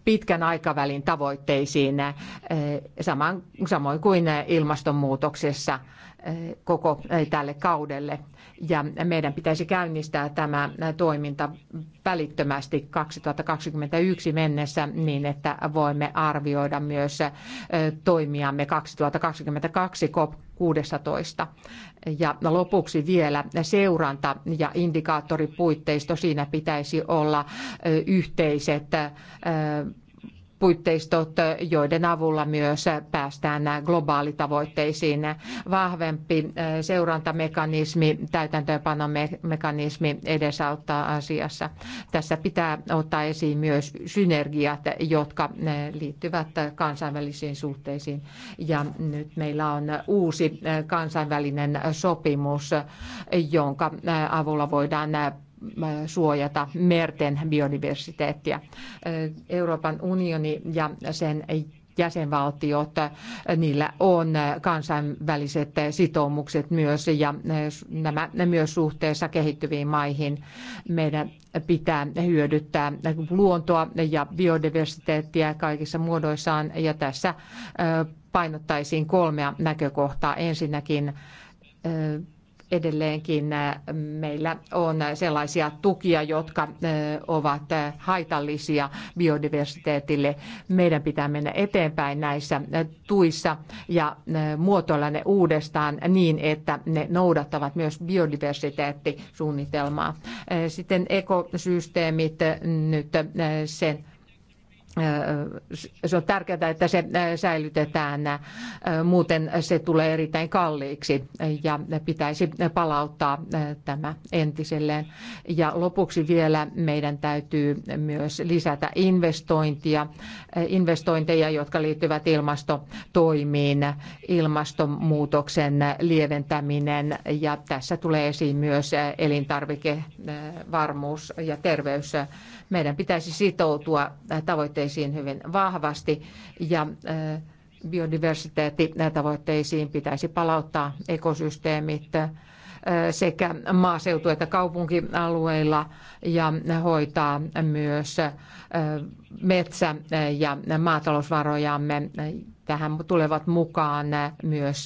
pitkän aikavälin tavoitteisiin, samoin kuin ilmastonmuutoksessa koko tälle kaudelle ja meidän pitäisi käynnistää tämä toiminta välittömästi 2021 mennessä niin, että voimme arvioida myös toimiamme 2022 COP 16. Ja lopuksi vielä seuranta ja indikaattoripuitteisto. Siinä pitäisi olla yhteiset puitteistot, joiden avulla myös päästään globaalitavoitteisiin. Vahvempi eh, seurantamekanismi, täytäntöönpanomekanismi edesauttaa asiassa. Tässä pitää ottaa esiin myös synergiat, jotka eh, liittyvät kansainvälisiin suhteisiin. Ja nyt meillä on uusi eh, kansainvälinen sopimus, jonka avulla voidaan Äh, suojata merten biodiversiteettiä. Äh, Euroopan unioni ja sen jäsenvaltiot, äh, niillä on kansainväliset sitoumukset myös ja nämä myös suhteessa kehittyviin maihin. Meidän pitää hyödyttää luontoa ja biodiversiteettiä kaikissa muodoissaan ja tässä painottaisiin kolmea näkökohtaa. Ensinnäkin edelleenkin äh, meillä on sellaisia tukia, jotka äh, ovat äh, haitallisia biodiversiteetille. Meidän pitää mennä eteenpäin näissä tuissa ja muotoilla ne uudestaan niin, että ne noudattavat myös biodiversiteettisuunnitelmaa. Sitten ekosysteemit nyt sen se on tärkeää, että se säilytetään, muuten se tulee erittäin kalliiksi ja pitäisi palauttaa tämä entiselleen. Ja lopuksi vielä meidän täytyy myös lisätä investointia, investointeja, jotka liittyvät ilmastotoimiin, ilmastonmuutoksen lieventäminen ja tässä tulee esiin myös elintarvikevarmuus ja terveys. Meidän pitäisi sitoutua äh, tavoitteisiin hyvin vahvasti ja äh, biodiversiteettitavoitteisiin pitäisi palauttaa ekosysteemit äh, sekä maaseutu- että kaupunkialueilla ja hoitaa myös metsä- ja maatalousvarojamme. Tähän tulevat mukaan myös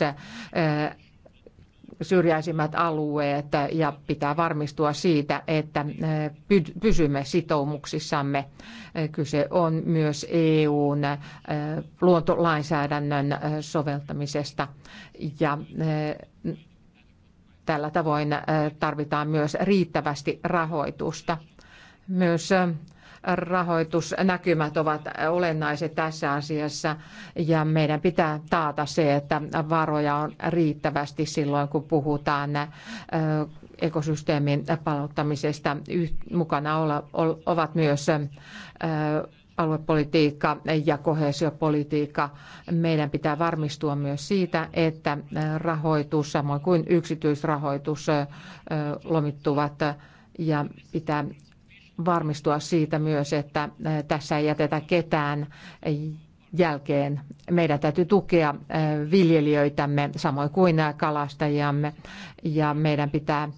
syrjäisimmät alueet ja pitää varmistua siitä, että eh, pysymme sitoumuksissamme. Eh, kyse on myös EUn eh, luontolainsäädännön soveltamisesta ja tällä tavoin tarvitaan myös riittävästi rahoitusta. Myös rahoitusnäkymät ovat olennaiset tässä asiassa ja meidän pitää taata se, että varoja on riittävästi silloin, kun puhutaan ekosysteemin palauttamisesta. Mukana ovat myös aluepolitiikka ja koheesiopolitiikka Meidän pitää varmistua myös siitä, että rahoitus samoin kuin yksityisrahoitus lomittuvat ja pitää varmistua siitä myös, että tässä ei jätetä ketään jälkeen. Meidän täytyy tukea viljelijöitämme, samoin kuin kalastajiamme, ja meidän pitää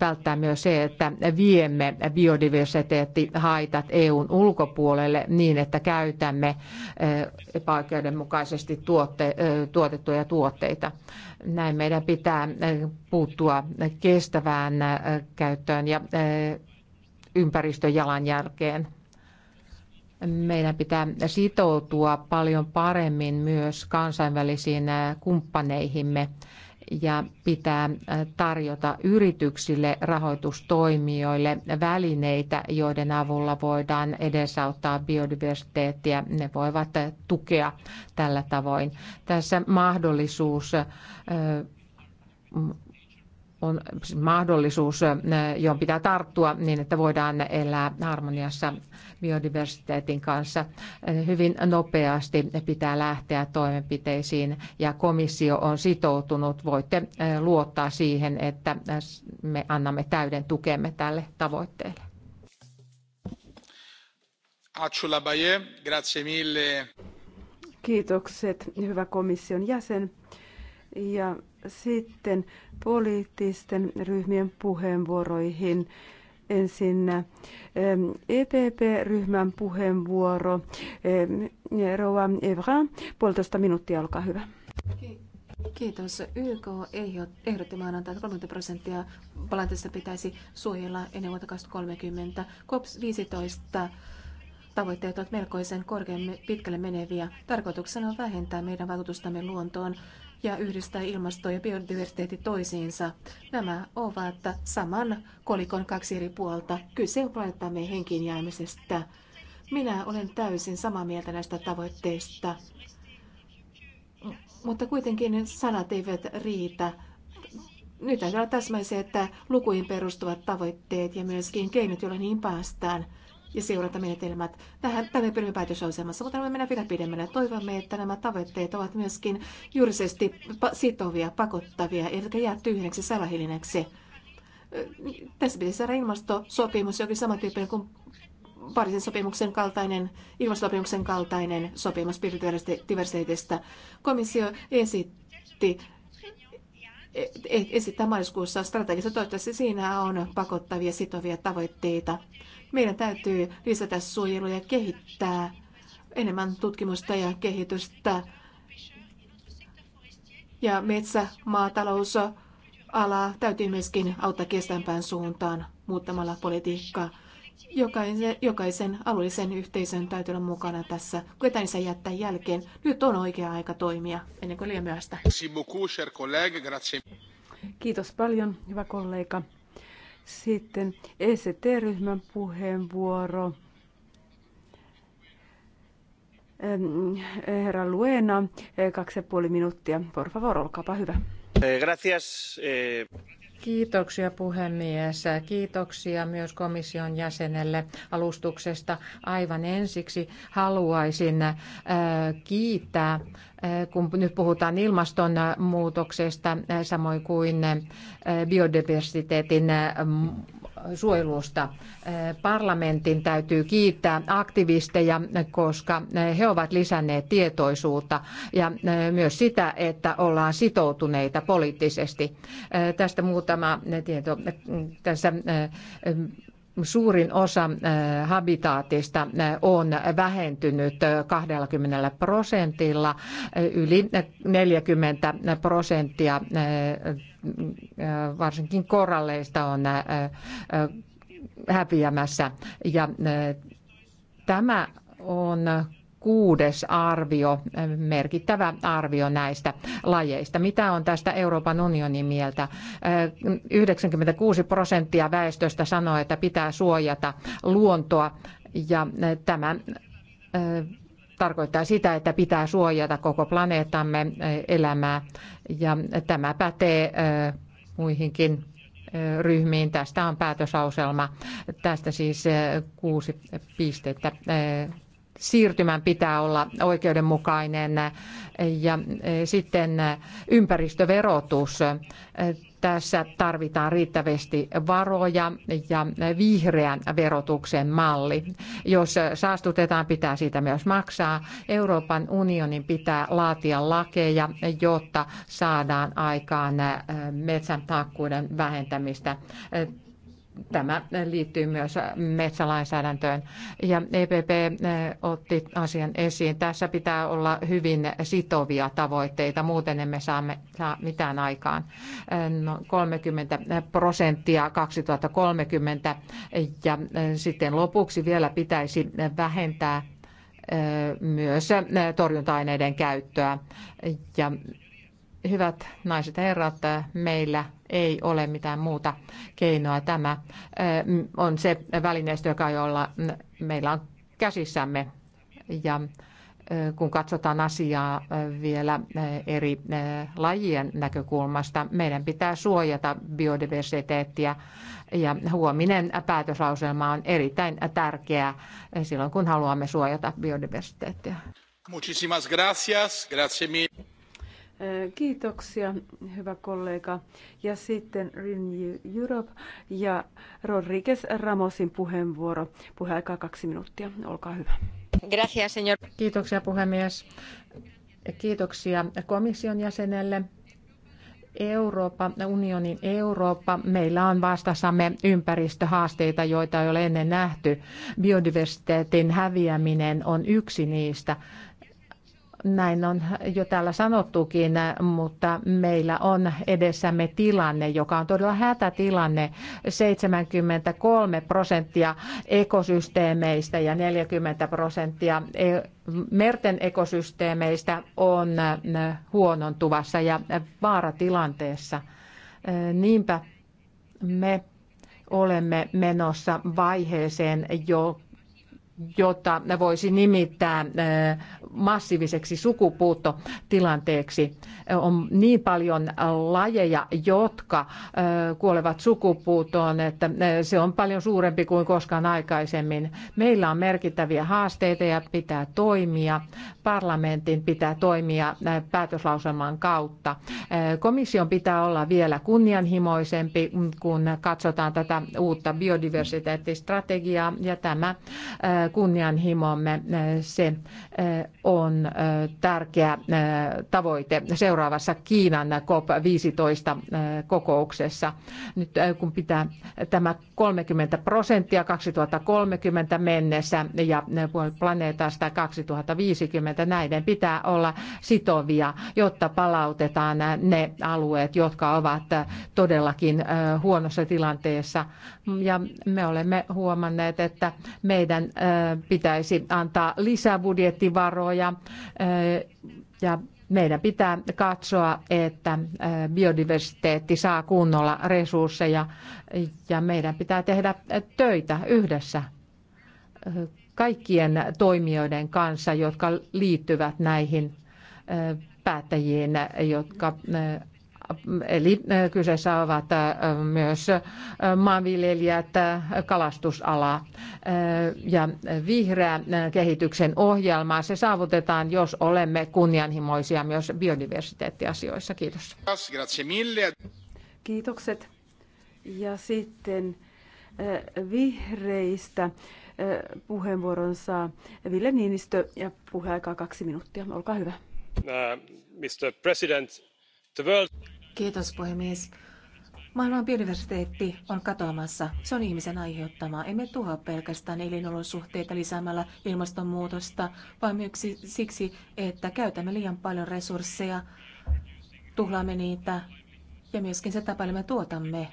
välttää myös se, että viemme biodiversiteettihaitat EUn ulkopuolelle niin, että käytämme epäoikeudenmukaisesti tuotte, tuotettuja tuotteita. Näin meidän pitää puuttua kestävään käyttöön ja ympäristöjalanjälkeen. Meidän pitää sitoutua paljon paremmin myös kansainvälisiin kumppaneihimme ja pitää tarjota yrityksille, rahoitustoimijoille välineitä, joiden avulla voidaan edesauttaa biodiversiteettiä. Ne voivat tukea tällä tavoin. Tässä mahdollisuus on mahdollisuus, eh, johon pitää tarttua niin, että voidaan elää harmoniassa biodiversiteetin kanssa. Eh, hyvin nopeasti pitää lähteä toimenpiteisiin ja komissio on sitoutunut. Voitte eh, luottaa siihen, että me annamme täyden tukemme tälle tavoitteelle. Kiitokset, hyvä komission jäsen. Ja sitten poliittisten ryhmien puheenvuoroihin. ensin EPP-ryhmän eh, e puheenvuoro. Eh, Rova Evra, puolitoista minuuttia, olkaa hyvä. Kiitos. YK ehdotti maanantai, että 30 prosenttia palantista pitäisi suojella ennen vuotta 2030. COP15 Tavoitteet ovat melkoisen korkean pitkälle meneviä. Tarkoituksena on vähentää meidän vaikutustamme luontoon ja yhdistää ilmasto ja biodiversiteetti toisiinsa. Nämä ovat saman kolikon kaksi eri puolta. Kyse on planeettamme henkiin jäämisestä. Minä olen täysin samaa mieltä näistä tavoitteista. Mutta kuitenkin sanat eivät riitä. Nyt täytyy olla täsmäisiä, että lukuihin perustuvat tavoitteet ja myöskin keinot, joilla niihin päästään – ja seurantamenetelmät. Tähän tänne pyrimme päätösasemassa, mutta me mennään vielä pidemmälle. Toivomme, että nämä tavoitteet ovat myöskin juridisesti sitovia, pakottavia, eivätkä jää tyhjäksi salahilineksi. Tässä pitäisi saada ilmastosopimus, on samantyyppinen kuin Pariisin sopimuksen kaltainen, ilmastosopimuksen kaltainen sopimus biodiversiteetistä. Komissio esitti esittää maaliskuussa strategiassa. Toivottavasti siinä on pakottavia sitovia tavoitteita. Meidän täytyy lisätä suojelua ja kehittää enemmän tutkimusta ja kehitystä. Ja metsä, maatalous, ala täytyy myöskin auttaa kestävämpään suuntaan muuttamalla politiikkaa. Jokaisen, jokaisen alueellisen yhteisön täytyy olla mukana tässä. Kuitenkin se jättää jälkeen. Nyt on oikea aika toimia, ennen kuin liian myöhäistä. Kiitos paljon, hyvä kollega. Sitten ECT-ryhmän puheenvuoro. Herra Luena, kaksi ja puoli minuuttia. Por favor, olkaapa hyvä. Eh, gracias. Eh. Kiitoksia puhemies. Kiitoksia myös komission jäsenelle alustuksesta. Aivan ensiksi haluaisin äh, kiittää, äh, kun nyt puhutaan ilmastonmuutoksesta, äh, samoin kuin biodiversiteetin suojelusta. Parlamentin täytyy kiittää aktivisteja, koska he ovat lisänneet tietoisuutta ja myös sitä, että ollaan sitoutuneita poliittisesti. Tästä muutama tieto. Tässä suurin osa habitaatista on vähentynyt 20 prosentilla, yli 40 prosenttia Äh, varsinkin koralleista on äh, äh, häviämässä. Ja tämä on kuudes arvio, merkittävä arvio näistä lajeista. Mitä on tästä Euroopan unionin mieltä? 96 prosenttia väestöstä sanoo, että pitää suojata luontoa ja tämän tarkoittaa sitä, että pitää suojata koko planeetamme elämää ja tämä pätee muihinkin ryhmiin. Tästä on päätösauselma. Tästä siis kuusi pistettä siirtymän pitää olla oikeudenmukainen ja e, sitten ympäristöverotus. E, tässä tarvitaan riittävästi varoja ja vihreän verotuksen malli. Jos saastutetaan, pitää siitä myös maksaa. Euroopan unionin pitää laatia lakeja, jotta saadaan aikaan e, metsän takkuuden vähentämistä. Tämä liittyy myös metsälainsäädäntöön ja EPP eh, otti asian esiin. Tässä pitää olla hyvin sitovia tavoitteita, muuten emme saa mitään aikaan. Eh, no, 30 prosenttia 2030 ja eh, sitten lopuksi vielä pitäisi vähentää myös torjunta-aineiden käyttöä. Ja hyvät naiset ja herrat, meillä ei ole mitään muuta keinoa. Tämä on se välineistö, joka jolla meillä on käsissämme. Ja kun katsotaan asiaa vielä eri lajien näkökulmasta, meidän pitää suojata biodiversiteettiä ja huominen päätöslauselma on erittäin tärkeä silloin, kun haluamme suojata biodiversiteettiä. Muchísimas gracias. mille. Kiitoksia, hyvä kollega. Ja sitten Renew Europe ja Rodriguez Ramosin puheenvuoro. Puheaikaa kaksi minuuttia. Olkaa hyvä. Gracias, señor. Kiitoksia puhemies. Kiitoksia komission jäsenelle. Eurooppa, unionin Eurooppa, meillä on vastassamme ympäristöhaasteita, joita ei ole ennen nähty. Biodiversiteetin häviäminen on yksi niistä. Näin on jo täällä sanottukin, mutta meillä on edessämme tilanne, joka on todella hätätilanne. 73 prosenttia ekosysteemeistä ja 40 prosenttia e- merten ekosysteemeistä on huonontuvassa ja vaaratilanteessa. Niinpä me olemme menossa vaiheeseen, jo jota voisi nimittää eh, massiiviseksi sukupuuttotilanteeksi. On niin paljon lajeja, jotka eh, kuolevat sukupuuttoon, että eh, se on paljon suurempi kuin koskaan aikaisemmin. Meillä on merkittäviä haasteita ja pitää toimia. Parlamentin pitää toimia päätöslauselman kautta. Komission pitää olla vielä kunnianhimoisempi, mm, kun katsotaan tätä uutta biodiversiteettistrategiaa ja tämä kunnianhimomme. Se on tärkeä tavoite seuraavassa Kiinan COP15 kokouksessa. Nyt kun pitää tämä 30 prosenttia 2030 mennessä ja planeetasta 2050, näiden pitää olla sitovia, jotta palautetaan ne alueet, jotka ovat todellakin huonossa tilanteessa. Ja me olemme huomanneet, että meidän pitäisi antaa lisää budjettivaroja ja meidän pitää katsoa, että biodiversiteetti saa kunnolla resursseja ja meidän pitää tehdä töitä yhdessä kaikkien toimijoiden kanssa, jotka liittyvät näihin päättäjiin, jotka Eli äh, kyseessä ovat äh, myös äh, maanviljelijät, kalastusala ja vihreä kehityksen ohjelma. Se saavutetaan, jos olemme kunnianhimoisia myös biodiversiteettiasioissa. Kiitos. Kiitokset. Ja sitten vihreistä puheenvuoron saa Ville Niinistö ja puheaikaa kaksi minuuttia. Olkaa hyvä. Uh, Mr. President, the world... Kiitos puhemies. Maailman biodiversiteetti on katoamassa. Se on ihmisen aiheuttamaa. Emme tuhoa pelkästään elinolosuhteita lisäämällä ilmastonmuutosta, vaan myös siksi, että käytämme liian paljon resursseja, tuhlaamme niitä ja myöskin se tapa, me tuotamme.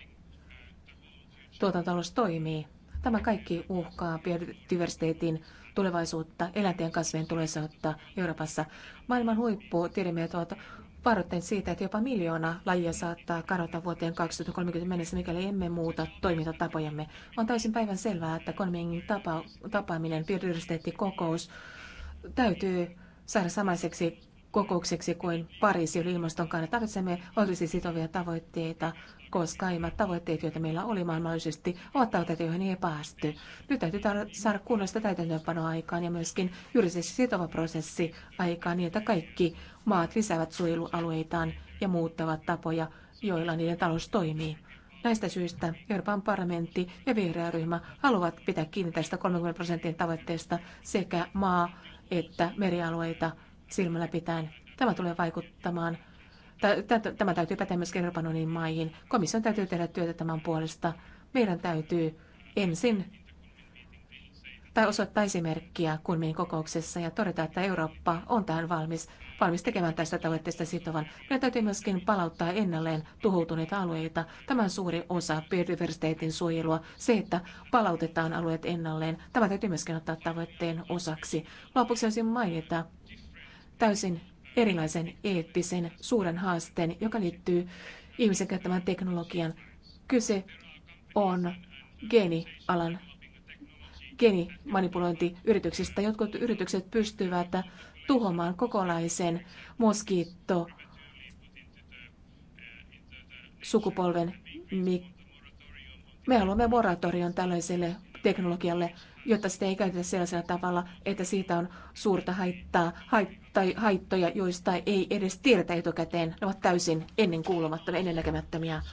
Tuotantotalous toimii. Tämä kaikki uhkaa biodiversiteetin tulevaisuutta, eläinten kasvien tulevaisuutta Euroopassa. Maailman huippu tiedemiehet ovat varoittain siitä, että jopa miljoona lajia saattaa kadota vuoteen 2030 mennessä, mikäli emme muuta toimintatapojamme. On täysin päivän selvää, että Konmingin tapa, tapaaminen, biodiversiteettikokous, täytyy saada samaiseksi kokoukseksi kuin Pariisi oli ilmaston kannalta. Tarvitsemme oikeasti sitovia tavoitteita, koska aiemmat tavoitteet, joita meillä oli maailmallisesti, ovat tavoitteita, joihin ei päästy. Nyt täytyy saada kunnollista täytäntöönpanoa aikaan ja myöskin juridisesti sitova prosessi aikaan niin, että kaikki maat lisäävät suojelualueitaan ja muuttavat tapoja, joilla niiden talous toimii. Näistä syistä Euroopan parlamentti ja vihreä ryhmä haluavat pitää kiinni tästä 30 prosentin tavoitteesta sekä maa- että merialueita silmällä pitäen. Tämä tulee vaikuttamaan Tämä täytyy päteä myös Euroopan unionin maihin. Komission täytyy tehdä työtä tämän puolesta. Meidän täytyy ensin tai osoittaa esimerkkiä kunmin kokouksessa ja todeta, että Eurooppa on tähän valmis, valmis tekemään tästä tavoitteesta sitovan. Meidän täytyy myöskin palauttaa ennalleen tuhoutuneita alueita. Tämä on suuri osa biodiversiteetin suojelua, se, että palautetaan alueet ennalleen. Tämä täytyy myöskin ottaa tavoitteen osaksi. Lopuksi olisin mainita, täysin erilaisen eettisen suuren haasteen, joka liittyy ihmisen käyttämään teknologian. Kyse on geenialan geenimanipulointiyrityksistä. Jotkut yritykset pystyvät tuhoamaan kokonaisen moskiitto sukupolven. Me haluamme moratorion tällaiselle teknologialle jotta sitä ei käytetä sellaisella tavalla, että siitä on suurta haittaa tai haittoja, joista ei edes tiedetä etukäteen. Ne ovat täysin ennenkuulumattomia, ennennäkemättömiä